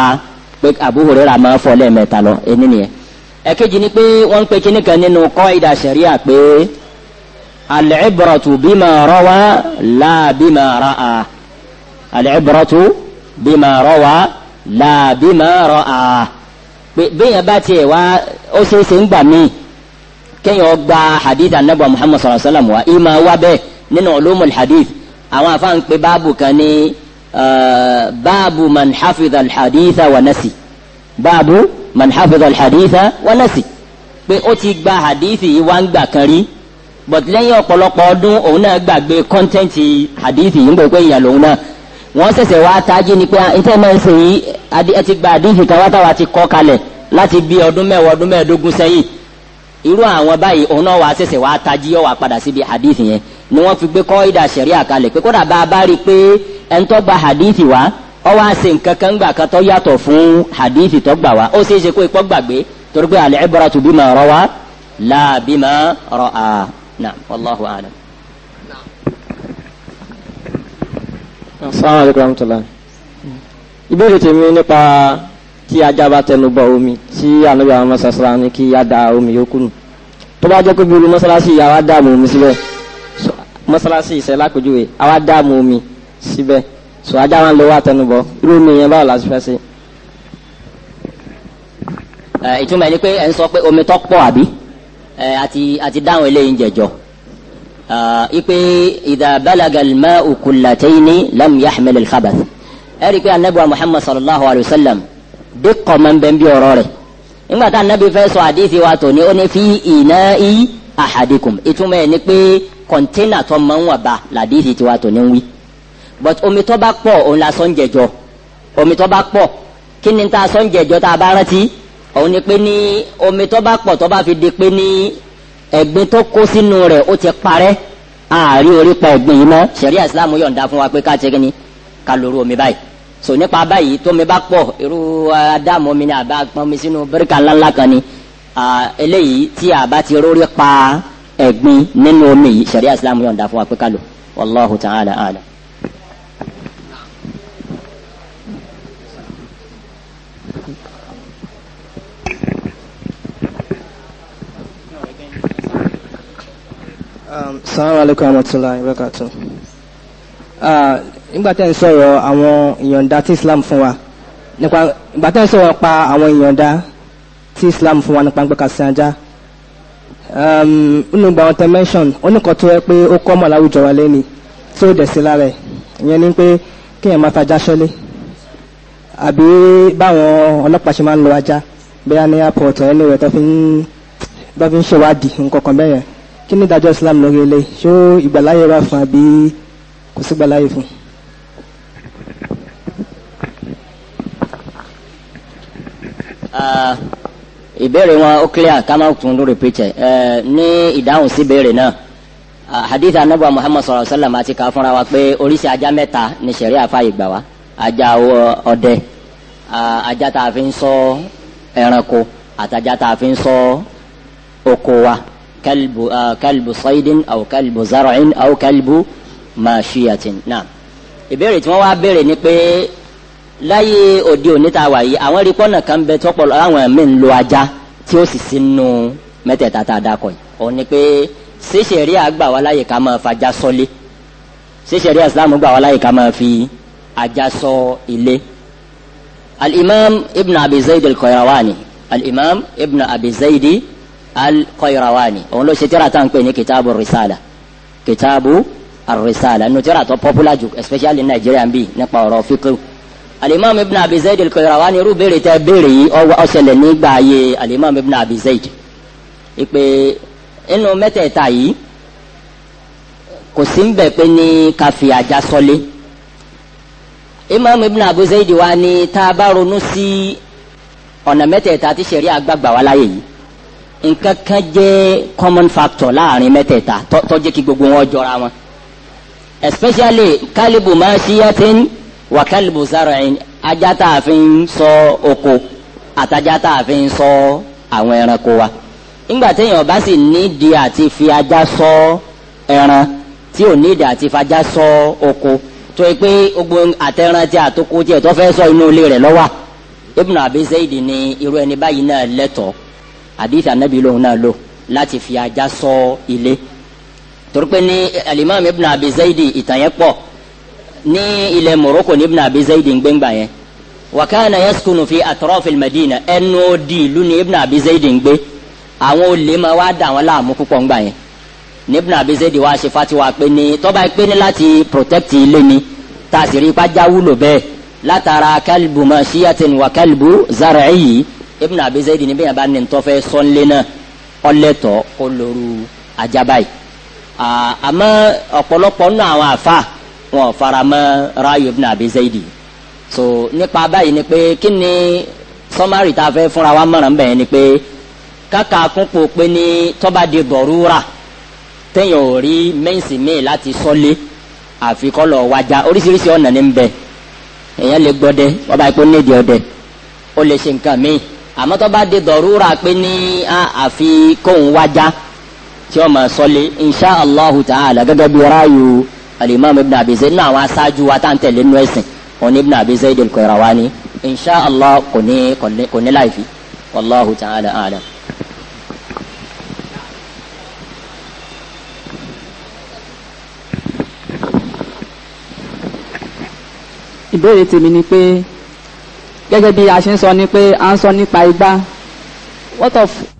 pé Abu Hurairah máa fọ lẹ́ẹ̀mẹ́ta lọ ẹni nìyẹn. ẹ̀kejì ni pé wọ́n ń pe kíní kan nínú qaida sharia pé al-ibratu bima rawa la bima ra'a al-ibratu bima rawa la bima ra'a pé bẹ́yẹn bá tiẹ̀ wá ó ṣeé ṣe ń gbà míì kéèyàn gba hadith anabi muhammad sallallahu alaihi wa ima wa bẹ́ẹ̀ nínú ulumul hadith àwọn afáàn báàbù kan ní báàbù man hafidha alhaditha wa nasi báàbù man hafidha alhaditha wa nasi pé ó ti gba hadithi yìí wá ń gbà kan rí but lẹ́yìn ọ̀pọ̀lọpọ̀ ọdún òun náà gbàgbé content hadithi yìí ń gbọ́ pé ìyàn lòun náà wọ́n ṣẹ̀ṣẹ̀ wá tají ni pé ah, ntẹ́ máa ń sè yí ẹ ti gba hadithi kan wá táwa ti kọ́ kalẹ̀ láti bí ọdún mẹ́wàá ọdún mẹ́ẹ̀ẹ́dógún sẹ́yìn irú àwọn báyìí òun náà wá ṣẹ̀ṣẹ̀ wá tají yọ̀ padà síbi hadithi yẹn ni wọ́n fi gbé kọ́ ìdá sẹ̀rí àkàlẹ̀ pé kódà bá a bá rí i pé ẹni tó gba hadithi wa ọ wá ṣe nǹkan kan gbà kan tó yàtọ̀ fún hadithi tó gbà wá ó ṣeé ṣe kó ipò gbàgbé torí pé al-ibratu bima rawa la bima ra'a na'am wallahu a'lam. assalamu alaikum warahmatullahi ìbéèrè tèmi nípa tí ajá bá tẹnu bọ omi tí ànábì àwọn mọ́sálásí ní kí á da omi yókù tó bá jẹ́ pé bí olú mọ́sálásí ìyá wa dààmú omi síbẹ̀ mọ́sálásí ìṣẹ́ lápèjúwe àwa dáàmú omi síbẹ̀ sọ ajá wa ń lọ wá àtẹnubọ̀ irú omi yẹn báwo la ti fẹ́ ṣe. ìtumọ̀ ẹni pé ẹ ń sọ pé omi tó pọ̀ àbí àti àti dáhùn eléyìí ń jẹjọ. ipe idha balaga al-ma'u kullatayni lam yahmil ẹ rí i pé anabi wa muhammad sallallahu alayhi wa sallam dikọ̀ máa ń bẹ́ẹ̀ bí ọ̀rọ̀ rẹ̀ nígbà tá anabi fẹ́ sọ àdìsí wa tòní ó ní fi ìnáyí ahadikum ìtumọ̀ ẹ̀ pé kọ̀ńténà tó máa ń wà bá làdíìsì tiwa tó ní wí but omi tó bá pọ̀ òun la sọ ń jẹjọ omi tó bá pọ̀ kí ni tá a sọ ń jẹjọ tá a bá ni omi tó bá pọ̀ tó bá fi di pé ní ẹ̀gbin tó kó sínú rẹ̀ ó ti parẹ́ àárí orí pa ẹ̀gbin yìí mọ́ ṣẹ̀ríà Islam yọ̀ǹda fún wa pé ká ṣe kí ni ká lóru omi báyìí so nípa báyìí tómi bá pọ̀ irú adáàmú mi ni àbá pọnmi sínú bíríkà ńláńlá kan ni eléyìí tí àbá ti rórí pa á ẹ̀gbin nínú omi yìí sẹ̀ríà islam yọ̀ǹda fún wa pé ká lò wallahu ta'ala a'lam. Um, salamu alaykum warahmatullahi wabarakatuh. Ah, nígbà tẹ́ ń sọ̀rọ̀ àwọn ìyọ̀ǹda tí islam fún wa nípa ìgbà tẹ́ ń sọ̀rọ̀ pa àwọn ìyọ̀ǹda tí islam fún wa nípa ń gbé ka ajá nínú um, gba ọtẹ mention oníkan tó yẹ pé ó kọ́ mọ̀ láwùjọ wa lẹ́ni tí ó dẹ̀ sí lára ẹ̀ ìyẹn ni pé kéèyàn máa fajá ṣọ́lé àbí báwọn ọlọ́pàá ṣe máa ń lo ajá bóyá ní airport ẹ̀ ní ìwẹ̀ tó fi ń ṣèwádìí nǹkan kan bẹ́yẹn kí ni ìdájọ́ Islam lórí ilé ṣó ìgbàláyè wà fún àbí kò sí ìgbàláyè fún. Uh, ìbéèrè wọn ó clear ká má tún lórí pẹ̀tẹ̀ ẹ ní ìdáhùn sí ìbéèrè náà hadith anabu muhammad sallallahu alaihi wa sallam àti ká fúnra wa pé oríṣi ajá mẹ́ta ni ṣẹ̀ríà fàyè gbà wá ajá ọdẹ ajá tá a fi ń ṣọ́ ẹranko àtajá tá a fi ń ṣọ́ oko wa kalbu kalbu saidin aw kalbu zar'in aw kalbu mashiyatin naam ìbéèrè tí wọ́n wá béèrè ni pé láyé òde òní tá a wà yìí àwọn erékọ́ náà kan bẹ tọ́pọ̀ láwọn ẹ̀mí ń lo ajá tí ó sì sínú mẹ́tẹ̀ẹ̀ta tá a dà kọ́ yìí òun ni pé ṣíṣẹ̀rí àgbà wa láyè ká máa fajá sọ́lé ṣíṣẹ̀rí àsìlámù gbà wa láyè ká máa fi ajá sọ ilé. al-imam ibn abi al-qayrawani al-imam ibn abi al-qayrawani òun ló ṣe tíra tá à ń pè ní kitabu risala kitabu arisala nínú tíra tó popular jù especially ní nàìjíríà ń bì nípa ọ̀rọ̀ fíkìrì alimami ibn abi zayd al-Qayrawani irú béèrè tẹ béèrè yìí ó ṣẹlẹ̀ nígbà ayé alimami ibn abi zayd ìpè inú mẹ́tẹ̀ẹ̀ta yìí kò sí ń bẹ̀ pé ní káfí ajá sọlé imam ibn abi wa ni tá a bá ronú sí ọ̀nà mẹ́tẹ̀ẹ̀ta tí sẹ̀rí àgbàgbà wa láyé yìí nǹkan kan jẹ́ common factor láàrin mẹ́tẹ̀ẹ̀ta tó jẹ́ kí gbogbo wọn jọra wọn especially kálíbù máa ṣíyá tẹ́ni. wakalibu sáré ajá afin a fi ń ṣọ́ oko àtajá tá a fi ń ṣọ́ àwọn ẹranko wa ńgbà téèyàn bá sì nídìí àti fi ajá ṣọ́ ẹran tí ò nídìí àti fajá ṣọ́ oko tó yẹ pé gbogbo àtẹran tí àtòkò tí ẹ̀ tó fẹ́ ṣọ́ inú ilé rẹ̀ lọ́wọ́ Ibn Abi Zaid ni irú ẹni báyìí náà lẹ́tọ̀ọ́ hadith anabi lòun náà lò láti fi ajá ṣọ́ ilé torí pé ní alimami Ibn Abi Zaid ìtàn yẹn pọ̀ ní ilẹ̀ Morocco ní ibn abi zaidi gbẹ́ngbà yẹn wakana yaskunu fi atrofil madina ẹnu odi ìlú ní ibn abi zaidi gbé àwọn olè máa wá dà wọn láàmú púpọ̀ ńgbà yẹn ní ibn abi zaidi wá ṣe fatiwa pé ní tọ́ba pé ní láti protect ilé ni tá a sì rí ipájá wúlò bẹ́ẹ̀ látara kalbu mashiyatin wa kalbu zar'i ibn abi zaidi ní bẹ́ẹ̀ bá ní ntọ́fẹ́ sọ́nlé náà ọlẹ́tọ̀ kó lóru ajabai àmọ́ ọ̀pọ̀lọpọ̀ nínú àwọn àfa wọn ò faramọ́ ráyò ibn abi zaidi so nípa báyìí ni pé kí ni sọmárì tá a fúnra wa ni pé pé ní tọ́ba di bọ̀rúra téèyàn ò rí mẹ́ǹsì míì láti sọ́lé wájà oríṣiríṣi ọ̀nà ní bẹ́ẹ̀ èèyàn lè gbọ́dẹ ọba ìpò nídìí ọdẹ ó lè ṣe nǹkan míì àmọ́ tọ́ba di bọ̀rúra pé ta'ala ráyò. alimami ibn abi zayd nínú àwọn aṣáájú wa tá à ń tẹ̀lé nínú ẹ̀sìn òun ibn abi zayd al-Qayrawani insha allah kò ní kò ní láì fi wallahu ta'ala a'lam. ìbéèrè tèmi ni pé gẹ́gẹ́ bí a ṣe ń sọ ni pé à ń sọ nípa igbá what of.